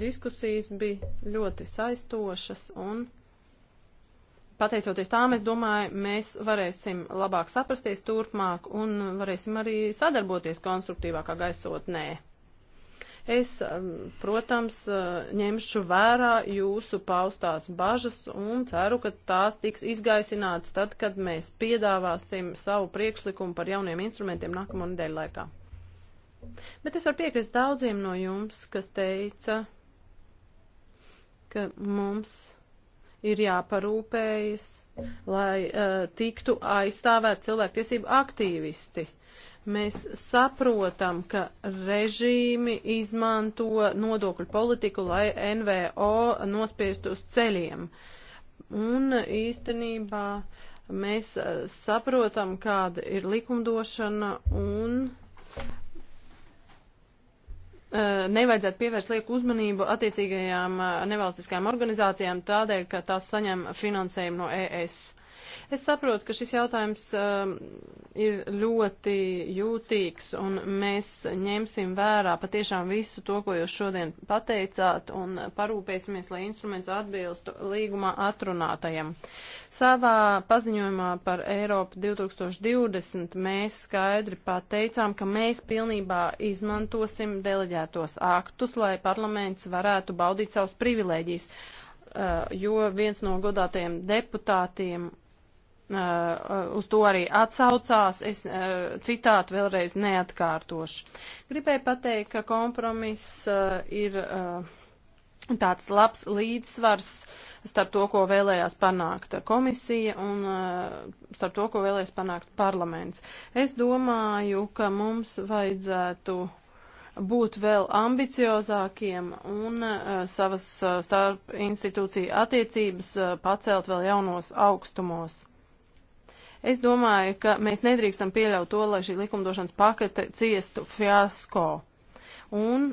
B: Diskusijas bija ļoti saistošas un pateicoties tām, es domāju, mēs varēsim labāk saprasties turpmāk un varēsim arī sadarboties konstruktīvākā gaisotnē. Es, um, protams, uh, ņemšu vērā jūsu paustās bažas un ceru, ka tās tiks izgaisinātas tad, kad mēs piedāvāsim savu priekšlikumu par jauniem instrumentiem nākamo nedēļu laikā. Bet es varu piekrist daudziem no jums, kas teica, ka mums ir jāparūpējas, lai uh, tiktu aizstāvēt cilvēktiesību aktīvisti. Mēs saprotam, ka režīmi izmanto nodokļu politiku, lai NVO nospiest uz ceļiem. Un īstenībā mēs eh, saprotam, kāda ir likumdošana un Eh, nevajadzētu pievērst lieku uzmanību attiecīgajām eh, nevalstiskajām organizācijām tādēļ, ka tās saņem finansējumu no ES. Es saprotu, ka šis jautājums uh, ir ļoti jūtīgs, un mēs ņemsim vērā patiešām visu to, ko jūs šodien pateicāt, un parūpēsimies, lai instruments atbilstu līgumā atrunātajam. Savā paziņojumā par Eiropu 2020 mēs skaidri pateicām, ka mēs pilnībā izmantosim deleģētos aktus, lai parlaments varētu baudīt savus privilēģijas uh, jo viens no godātajiem deputātiem Uh, uz to arī atsaucās. Es uh, citātu vēlreiz neatkārtošu. Gribēju pateikt, ka kompromiss uh, ir tāds labs līdzsvars starp to, ko vēlējās panākt komisija un starp to, ko vēlējās panākt parlaments. Es domāju, ka mums vajadzētu būt vēl ambiciozākiem un uh, savas uh, starp institūciju attiecības uh, pacelt vēl jaunos augstumos. Es domāju, ka mēs nedrīkstam pieļaut to, lai šī likumdošanas pakete ciestu fiasko. Un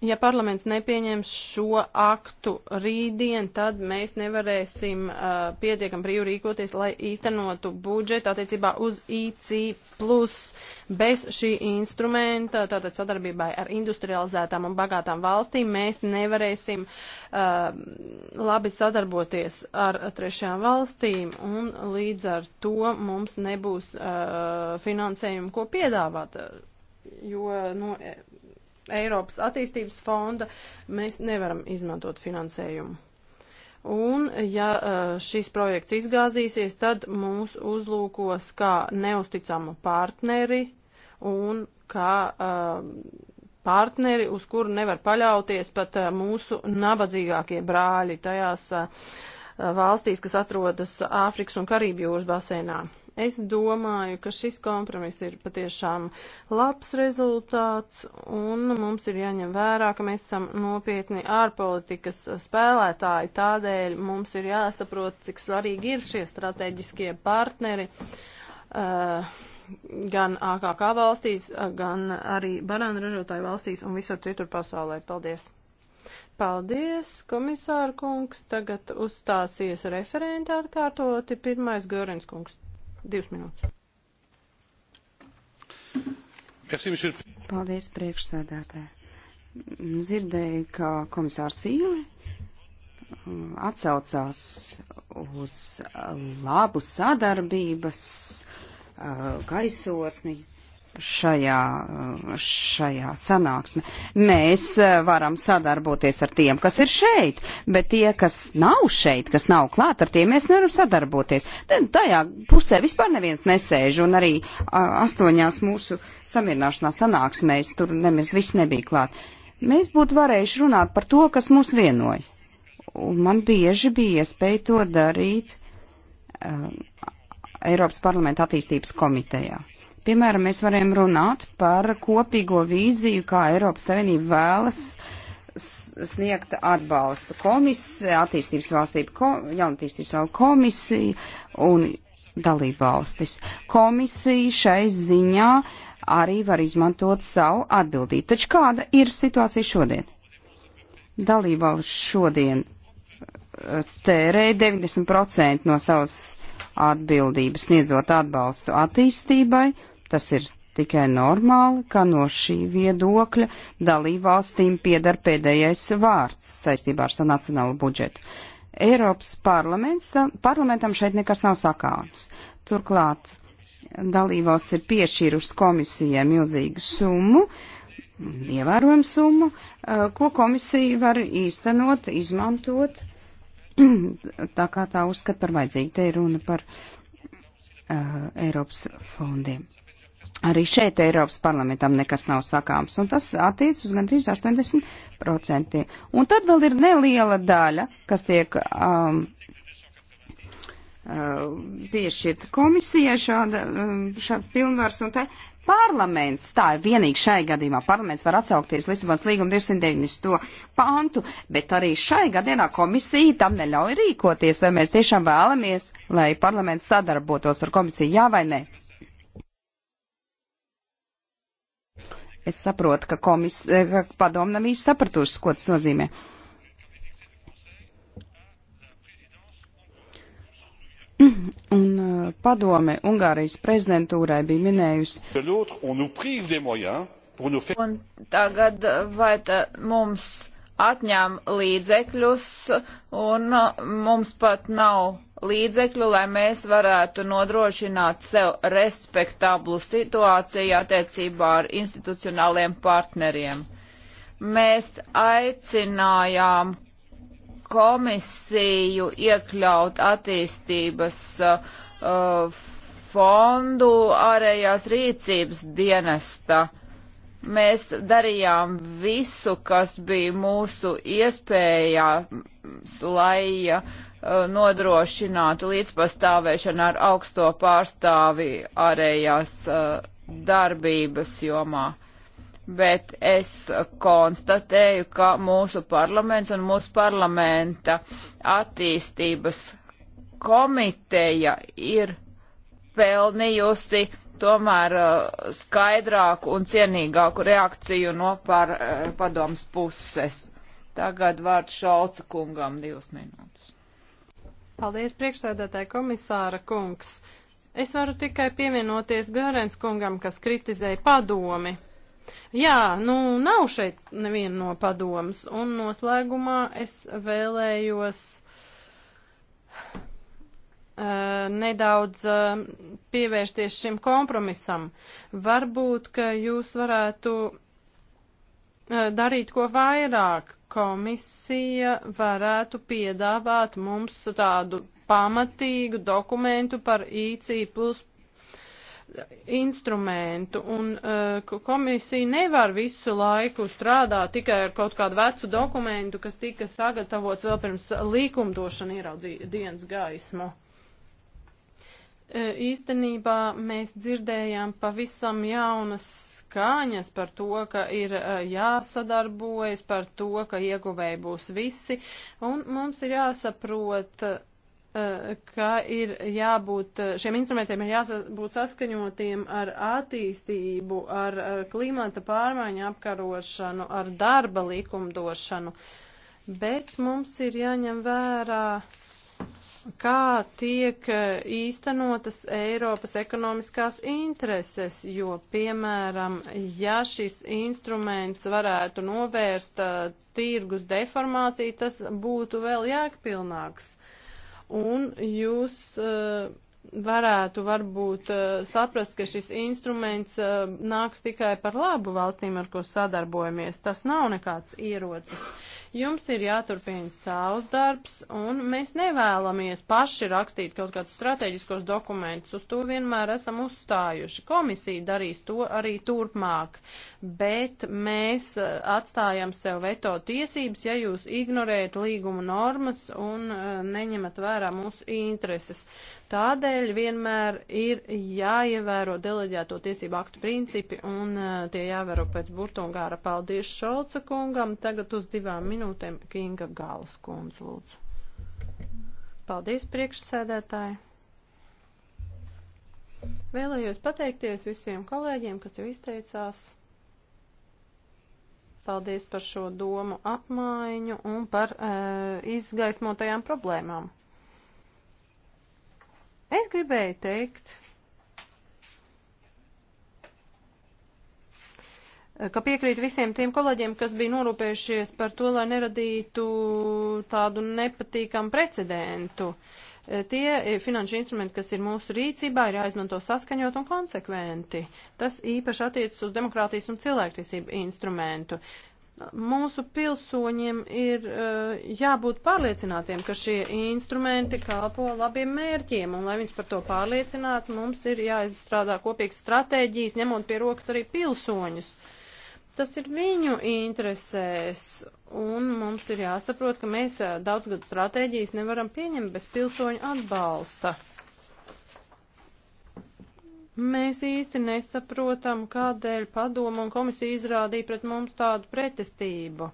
B: ja parlaments nepieņems šo aktu rītdien, tad mēs nevarēsim uh, pietiekam brīvi rīkoties, lai īstenotu budžetu attiecībā uz IC. Bez šī instrumenta, tātad sadarbībai ar industrializētām un bagātām valstīm, mēs nevarēsim uh, labi sadarboties ar trešajām valstīm, un līdz ar to mums nebūs uh, finansējumu, ko piedāvāt. Uh, jo, nu, no, Eiropas attīstības fonda mēs nevaram izmantot finansējumu. Un, ja šis projekts izgāzīsies, tad mūs uzlūkos kā neusticamu partneri un kā uh, partneri, uz kuru nevar paļauties pat uh, mūsu nabadzīgākie brāļi tajās uh, valstīs, kas atrodas Āfrikas un Karību jūras basēnā. Es domāju, ka šis kompromiss ir patiešām labs rezultāts, un mums ir jāņem vērā, ka mēs esam nopietni ārpolitikas spēlētāji. Tādēļ mums ir jāsaprot, cik svarīgi ir šie strateģiskie partneri. Uh, gan AKK valstīs, gan arī banānu ražotāju valstīs un visur citur pasaulē. Paldies! Paldies, komisāra kungs! Tagad uzstāsies referenta atkārtoti pirmais Görins kungs. Divas minūtes. Paldies, priekšsēdētāji. Dzirdēju, ka
C: komisārs Fīli mm, atsaucās uz labu sadarbības uh, gaisotni šajā, šajā sanāksmē. Mēs eh, varam sadarboties ar tiem, kas ir šeit, bet tie, kas nav šeit, kas nav klāt, ar tiem mēs nevaram sadarboties. Tad tajā pusē vispār neviens nesēž, un arī astoņās mūsu samierināšanās sanāksmēs tur nemaz viss nebija klāt. Mēs būtu varējuši runāt par to, kas mūs vienoja. Un man bieži bija iespēja to darīt uh, Eiropas parlamenta attīstības komitejā. Uh, Piemēram, mēs varējām runāt par kopīgo vīziju, kā Eiropas Savienība vēlas sniegt atbalstu komisija, attīstības valstība, ko, jaunatīstības valsts komisija un dalībvalstis. Komisija šai ziņā arī var izmantot savu atbildību. Taču kāda ir situācija šodien? Dalībvalsts šodien eh, tērē 90% no savas atbildības sniedzot atbalstu attīstībai Tas ir tikai normāli, ka no šī viedokļa dalībvalstīm piedar pēdējais vārds saistībā ar nacionālo budžetu. Eiropas parlamentam šeit nekas nav sakāms. Turklāt dalībvalsts ir piešķīrusi komisijai milzīgu summu, ievērojumu summu, eh, ko komisija var īstenot, izmantot [clears throat] tā kā tā uzskata par vajadzīgu. Te ir runa par uh, Eiropas fondiem. Arī šeit Eiropas parlamentam nekas nav sakāms, un tas attiec uz gandrīz 80%. Un tad vēl ir neliela daļa, kas tiek um, uh, piešķirta komisijai šāda, um, šāds pilnvars, un te parlaments, tā ir vienīgi šai gadījumā, parlaments var atsaukties Lisabonas līguma 290. pantu, bet arī šai gadienā komisija tam neļauj rīkoties, vai mēs tiešām vēlamies, lai parlaments sadarbotos ar komisiju, jā vai nē. Es saprotu, ka, komis, eh, ka padomu nav īsti sapratusi, ko tas nozīmē. [clears throat] Un eh, padome Ungārijas prezidentūrai bija minējusi.
A: Un
D: tagad eh, vai mums atņem līdzekļus un mums pat nav līdzekļu, lai mēs varētu nodrošināt sev respektablu situāciju attiecībā ar institucionāliem partneriem. Mēs aicinājām komisiju iekļaut attīstības uh, uh fondu ārējās rīcības dienesta. Mēs darījām visu, kas bija mūsu iespējās, lai uh, Uh, nodrošinātu līdzpastāvēšanu ar augsto pārstāvi ārējās uh, darbības jomā bet es konstatēju, ka mūsu parlaments un mūsu parlamenta attīstības komiteja ir pelnījusi tomēr uh, skaidrāku un cienīgāku reakciju no par, padomas puses. Tagad vārds Šalca kungam divas minūtes.
B: Paldies, priekšsēdētāji komisāra kungs. Es varu tikai pievienoties Gārens kungam, kas kritizēja padomi. Jā, nu nav šeit neviena no padomas, un noslēgumā es vēlējos uh, nedaudz uh, pievērsties šim kompromisam. Varbūt, ka jūs varētu uh, darīt ko vairāk, komisija varētu piedāvāt mums tādu pamatīgu dokumentu par IC plus instrumentu, un uh, komisija nevar visu laiku strādāt tikai ar kaut kādu vecu dokumentu, kas tika sagatavots vēl pirms līkumdošana ieraudzīja dienas gaismu. Uh, īstenībā mēs dzirdējām pavisam jaunas skaņas par to, ka ir eh, jāsadarbojas, par to, ka ieguvēji būs visi, un mums ir jāsaprot, eh, ka ir jābūt, eh, šiem instrumentiem ir jābūt saskaņotiem ar attīstību, ar klimata pārmaiņu apkarošanu, ar darba likumdošanu, bet mums ir jāņem vērā kā tiek eh, īstenotas Eiropas ekonomiskās intereses, jo, piemēram, ja šis instruments varētu novērst uh, tirgus deformāciju, tas būtu vēl jēgpilnāks. Un jūs uh, varētu varbūt eh, saprast, ka šis instruments eh, nāks tikai par labu valstīm, ar ko sadarbojamies. Tas nav nekāds ierocis. Jums ir jāturpina savs darbs, un mēs nevēlamies paši rakstīt kaut kādus strateģiskos dokumentus. Uz to vienmēr esam uzstājuši. Komisija darīs to arī turpmāk, bet mēs eh, atstājam sev veto tiesības, ja jūs ignorējat līguma normas un neņemat vērā mūsu intereses. Tādēļ Tādēļ vienmēr ir jāievēro deleģēto tiesību aktu principi un uh, tie jāvēro pēc burtungāra. Paldies Šolca kungam. Tagad uz divām minūtēm Kinga Gālas kundz lūdzu. Paldies priekšsēdētāji. Vēlējos pateikties visiem kolēģiem, kas jau izteicās. Paldies par šo domu apmaiņu un par uh, izgaismotajām problēmām. Es gribēju teikt, ka piekrīt visiem tiem kolēģiem, kas bija norūpējušies par to, lai neradītu tādu nepatīkamu precedentu. Tie finanšu instrumenti, kas ir mūsu rīcībā, ir jāizmanto saskaņot un konsekventi. Tas īpaši attiecas uz demokrātijas un cilvēktiesību instrumentu. Uh, Mūsu pilsoņiem ir uh, jābūt pārliecinātiem, ka šie instrumenti kalpo labiem mērķiem, un lai viņus par to pārliecinātu, mums ir jāizstrādā kopīgas stratēģijas, ņemot pie rokas arī pilsoņus. Tas ir viņu interesēs, un mums ir jāsaprot, ka mēs uh, daudzgadu stratēģijas nevaram pieņemt bez pilsoņu atbalsta. Uh, Mēs īsti nesaprotam, kādēļ padoma un komisija izrādīja pret mums tādu pretestību.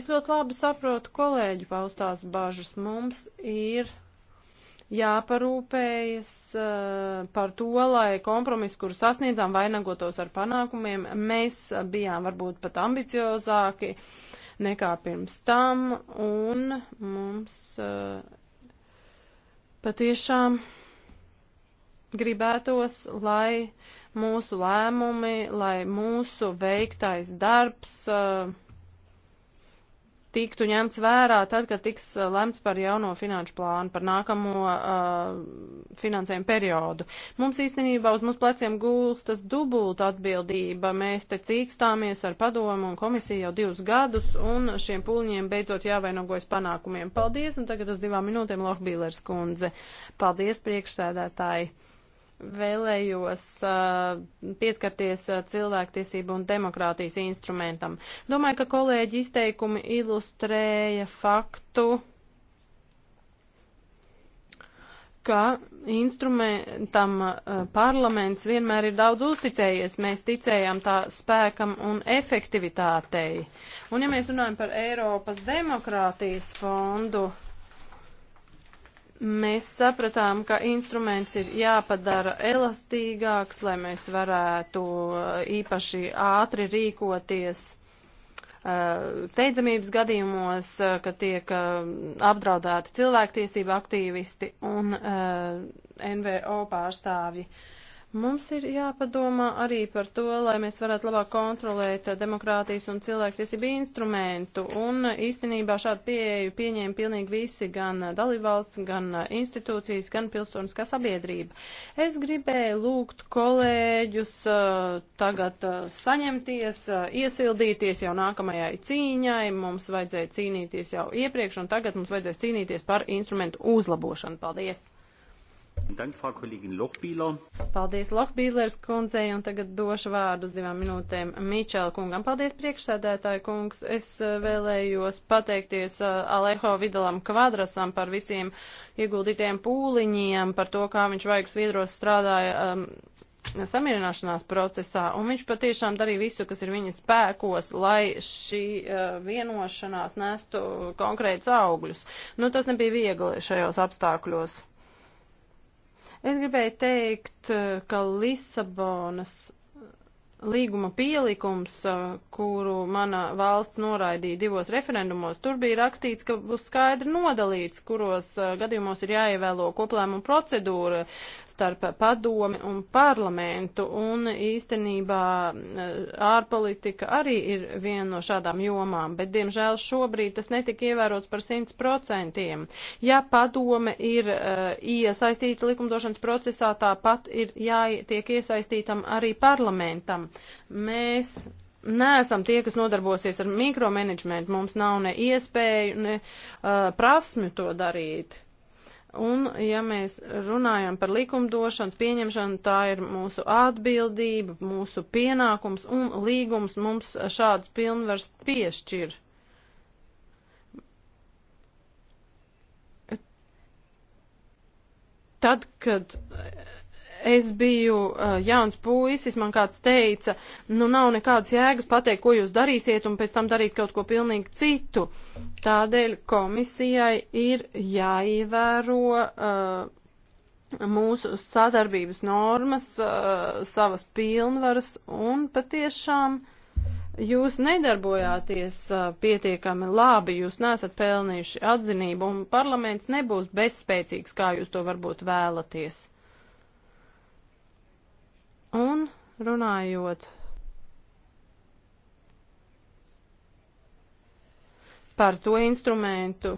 B: Es ļoti labi saprotu kolēģu paustās bažas. Mums ir jāparūpējas uh, par to, lai kompromisu, kuru sasniedzām, vainagotos ar panākumiem. Mēs bijām varbūt pat ambiciozāki nekā pirms tam, un mums uh, patiešām gribētos, lai mūsu lēmumi, lai mūsu veiktais darbs uh, tiktu ņemts vērā tad, kad tiks eh, lemts par jauno finanšu plānu, par nākamo uh, finansējumu periodu. Mums īstenībā uz mūsu pleciem gulstas dubulta atbildība. Mēs te cīkstāmies ar padomu un komisiju jau divus gadus, un šiem pūliņiem beidzot jāvainogojas panākumiem. Paldies, un tagad uz divām minūtēm Lohbīlers kundze. Paldies, priekšsēdētāji! vēlējos uh, pieskarties uh, cilvēktiesību un demokrātijas instrumentam. Domāju, ka kolēģi izteikumi ilustrēja faktu, ka instrumentam uh, parlaments vienmēr ir daudz uzticējies. Mēs ticējām tā spēkam un efektivitātei. Un ja mēs runājam par Eiropas demokrātijas fondu, uh, Mēs sapratām, ka instruments ir jāpadara elastīgāks, lai mēs varētu uh, īpaši ātri rīkoties uh, steidzamības gadījumos, uh, kad tiek apdraudēti cilvēktiesība aktīvisti un NVO pārstāvji. Uh, Mums ir jāpadomā arī par to, lai mēs varētu labāk kontrolēt demokrātijas un cilvēktiesību instrumentu. Un īstenībā šādu pieeju pieņēma pilnīgi visi, gan dalībvalsts, gan institūcijas, gan pilsoniskā sabiedrība. Es gribēju lūgt kolēģus uh, tagad uh, saņemties, uh, iesildīties jau nākamajai cīņai. Mums vajadzēja cīnīties jau iepriekš, un tagad mums vajadzēs cīnīties par instrumentu uzlabošanu. Paldies!
A: Paldies
B: Lohbīlers kundzei, un tagad došu vārdu uz divām minūtēm Mīčēla kungam. Paldies priekšsēdētāju kungs. Es eh, vēlējos pateikties eh, Alejo Vidalam Kvadrasam par visiem ieguldītiem pūliņiem, par to, kā viņš vajag sviedros strādāja. Um, samierināšanās procesā, un viņš patiešām darīja visu, kas ir viņa spēkos, lai šī uh, vienošanās nestu konkrētus augļus. Nu, tas nebija viegli šajos apstākļos. Es gribēju teikt, ka Lisabonas Līguma pielikums, kuru mana valsts noraidīja divos referendumos, tur bija rakstīts, ka būs skaidri nodalīts, kuros gadījumos ir jāievēlo koplēmuma procedūra starp padomi un parlamentu, un īstenībā ārpolitika arī ir viena no šādām jomām, bet diemžēl šobrīd tas netika ievērots par 100%. Ja padome ir uh, iesaistīta likumdošanas procesā, tāpat ir jātiek iesaistītam arī parlamentam. Mēs neesam tie, kas nodarbosies ar mikromanagementu, mums nav ne iespēju, ne uh, prasmju to darīt. Un, ja mēs runājam par likumdošanas pieņemšanu, tā ir mūsu atbildība, mūsu pienākums un līgums mums šāds pilnvars piešķir. Tad, kad es biju uh, jauns puisis, man kāds teica, nu nav nekādas jēgas pateikt, ko jūs darīsiet, un pēc tam darīt kaut ko pilnīgi citu. Tādēļ komisijai ir jāievēro uh, mūsu sadarbības normas, uh, savas pilnvaras, un patiešām jūs nedarbojāties uh, pietiekami labi, jūs nesat pelnījuši atzinību, un parlaments nebūs bezspēcīgs, kā jūs to varbūt vēlaties. Un runājot par to instrumentu,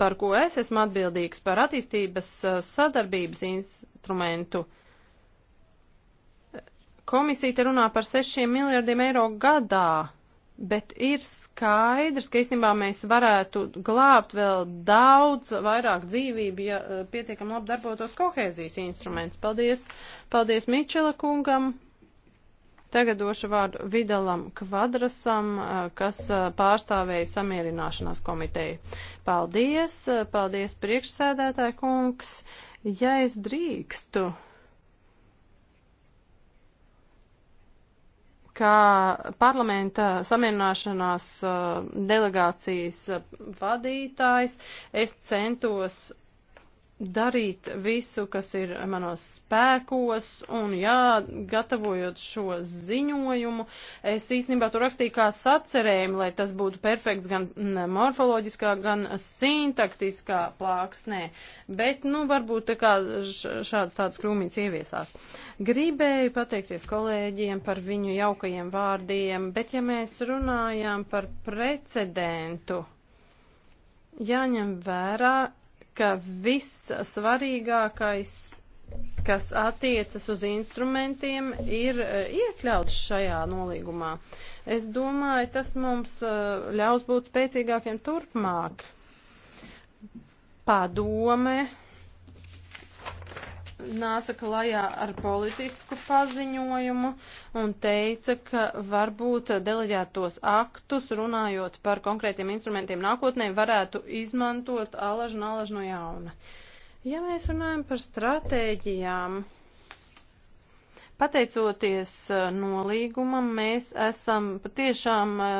B: par ko es esmu atbildīgs, par attīstības eh, sadarbības instrumentu. Komisija te runā par 6 miljardiem eiro gadā. Bet ir skaidrs, ka īstenībā mēs varētu glābt vēl daudz vairāk dzīvību, ja eh, pietiekam labi darbotos kohēzijas instruments. Paldies, paldies Mičela kungam. Tagad došu vārdu Vidalam Kvadrasam, eh, kas eh, pārstāvēja samierināšanās komiteju. Paldies, paldies priekšsēdētāja kungs. Ja es drīkstu ka parlamenta samierināšanās eh, delegācijas eh, vadītājs es centos darīt visu, kas ir manos spēkos, un jā, gatavojot šo ziņojumu, es īstenībā tur rakstīju kā sacerējumu, lai tas būtu perfekts gan mm, morfoloģiskā, gan sintaktiskā plāksnē, bet, nu, varbūt tā kā šāds tāds krūmīts ieviesās. Gribēju pateikties kolēģiem par viņu jaukajiem vārdiem, bet ja mēs runājām par precedentu, jāņem vērā, ka viss svarīgākais, kas attiecas uz instrumentiem, ir e, iekļauts šajā nolīgumā. Es domāju, tas mums e, ļaus būt spēcīgākiem turpmāk. Padome nāca klajā ar politisku paziņojumu un teica, ka varbūt deleģētos aktus, runājot par konkrētiem instrumentiem nākotnē, varētu izmantot alažu un alažu no jauna. Ja mēs runājam par stratēģijām, pateicoties eh, nolīgumam, mēs esam patiešām eh,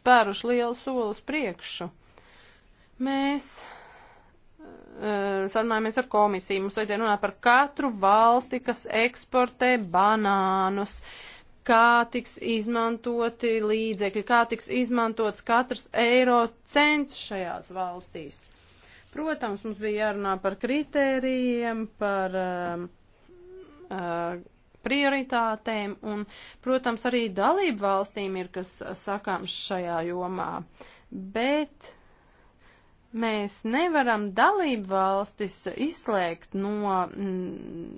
B: spēruši lielu soli uz priekšu. Mēs Eh, sarunājamies ar komisiju. Mums vajadzēja runāt par katru valsti, kas eksportē banānus, kā tiks izmantoti līdzekļi, kā tiks izmantots katrs eiro cents šajās valstīs. Protams, mums bija jārunā par kritērijiem, par uh, uh, prioritātēm, un, protams, arī dalību valstīm ir kas sakāms šajā jomā. Bet Mēs nevaram dalību valstis izslēgt no mm,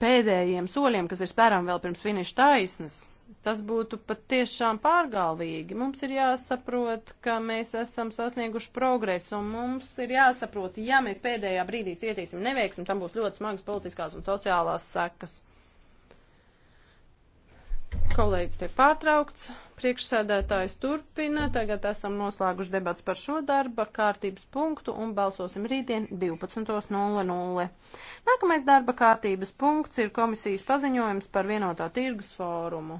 B: pēdējiem soļiem, kas ir spērām vēl pirms finiša taisnes. Tas būtu pat tiešām pārgalvīgi. Mums ir jāsaprot, ka mēs esam sasnieguši progresu, un mums ir jāsaprot, ja mēs pēdējā brīdī cietīsim neveiksim, tam būs ļoti smagas politiskās un sociālās sekas. Kolēģis tiek pārtraukts. Priekšsēdētājs turpina. Tagad esam noslēguši debats par šo darba kārtības punktu un balsosim rītdien 12.00. Nākamais darba kārtības punkts ir komisijas paziņojums par vienotā tirgus fórumu.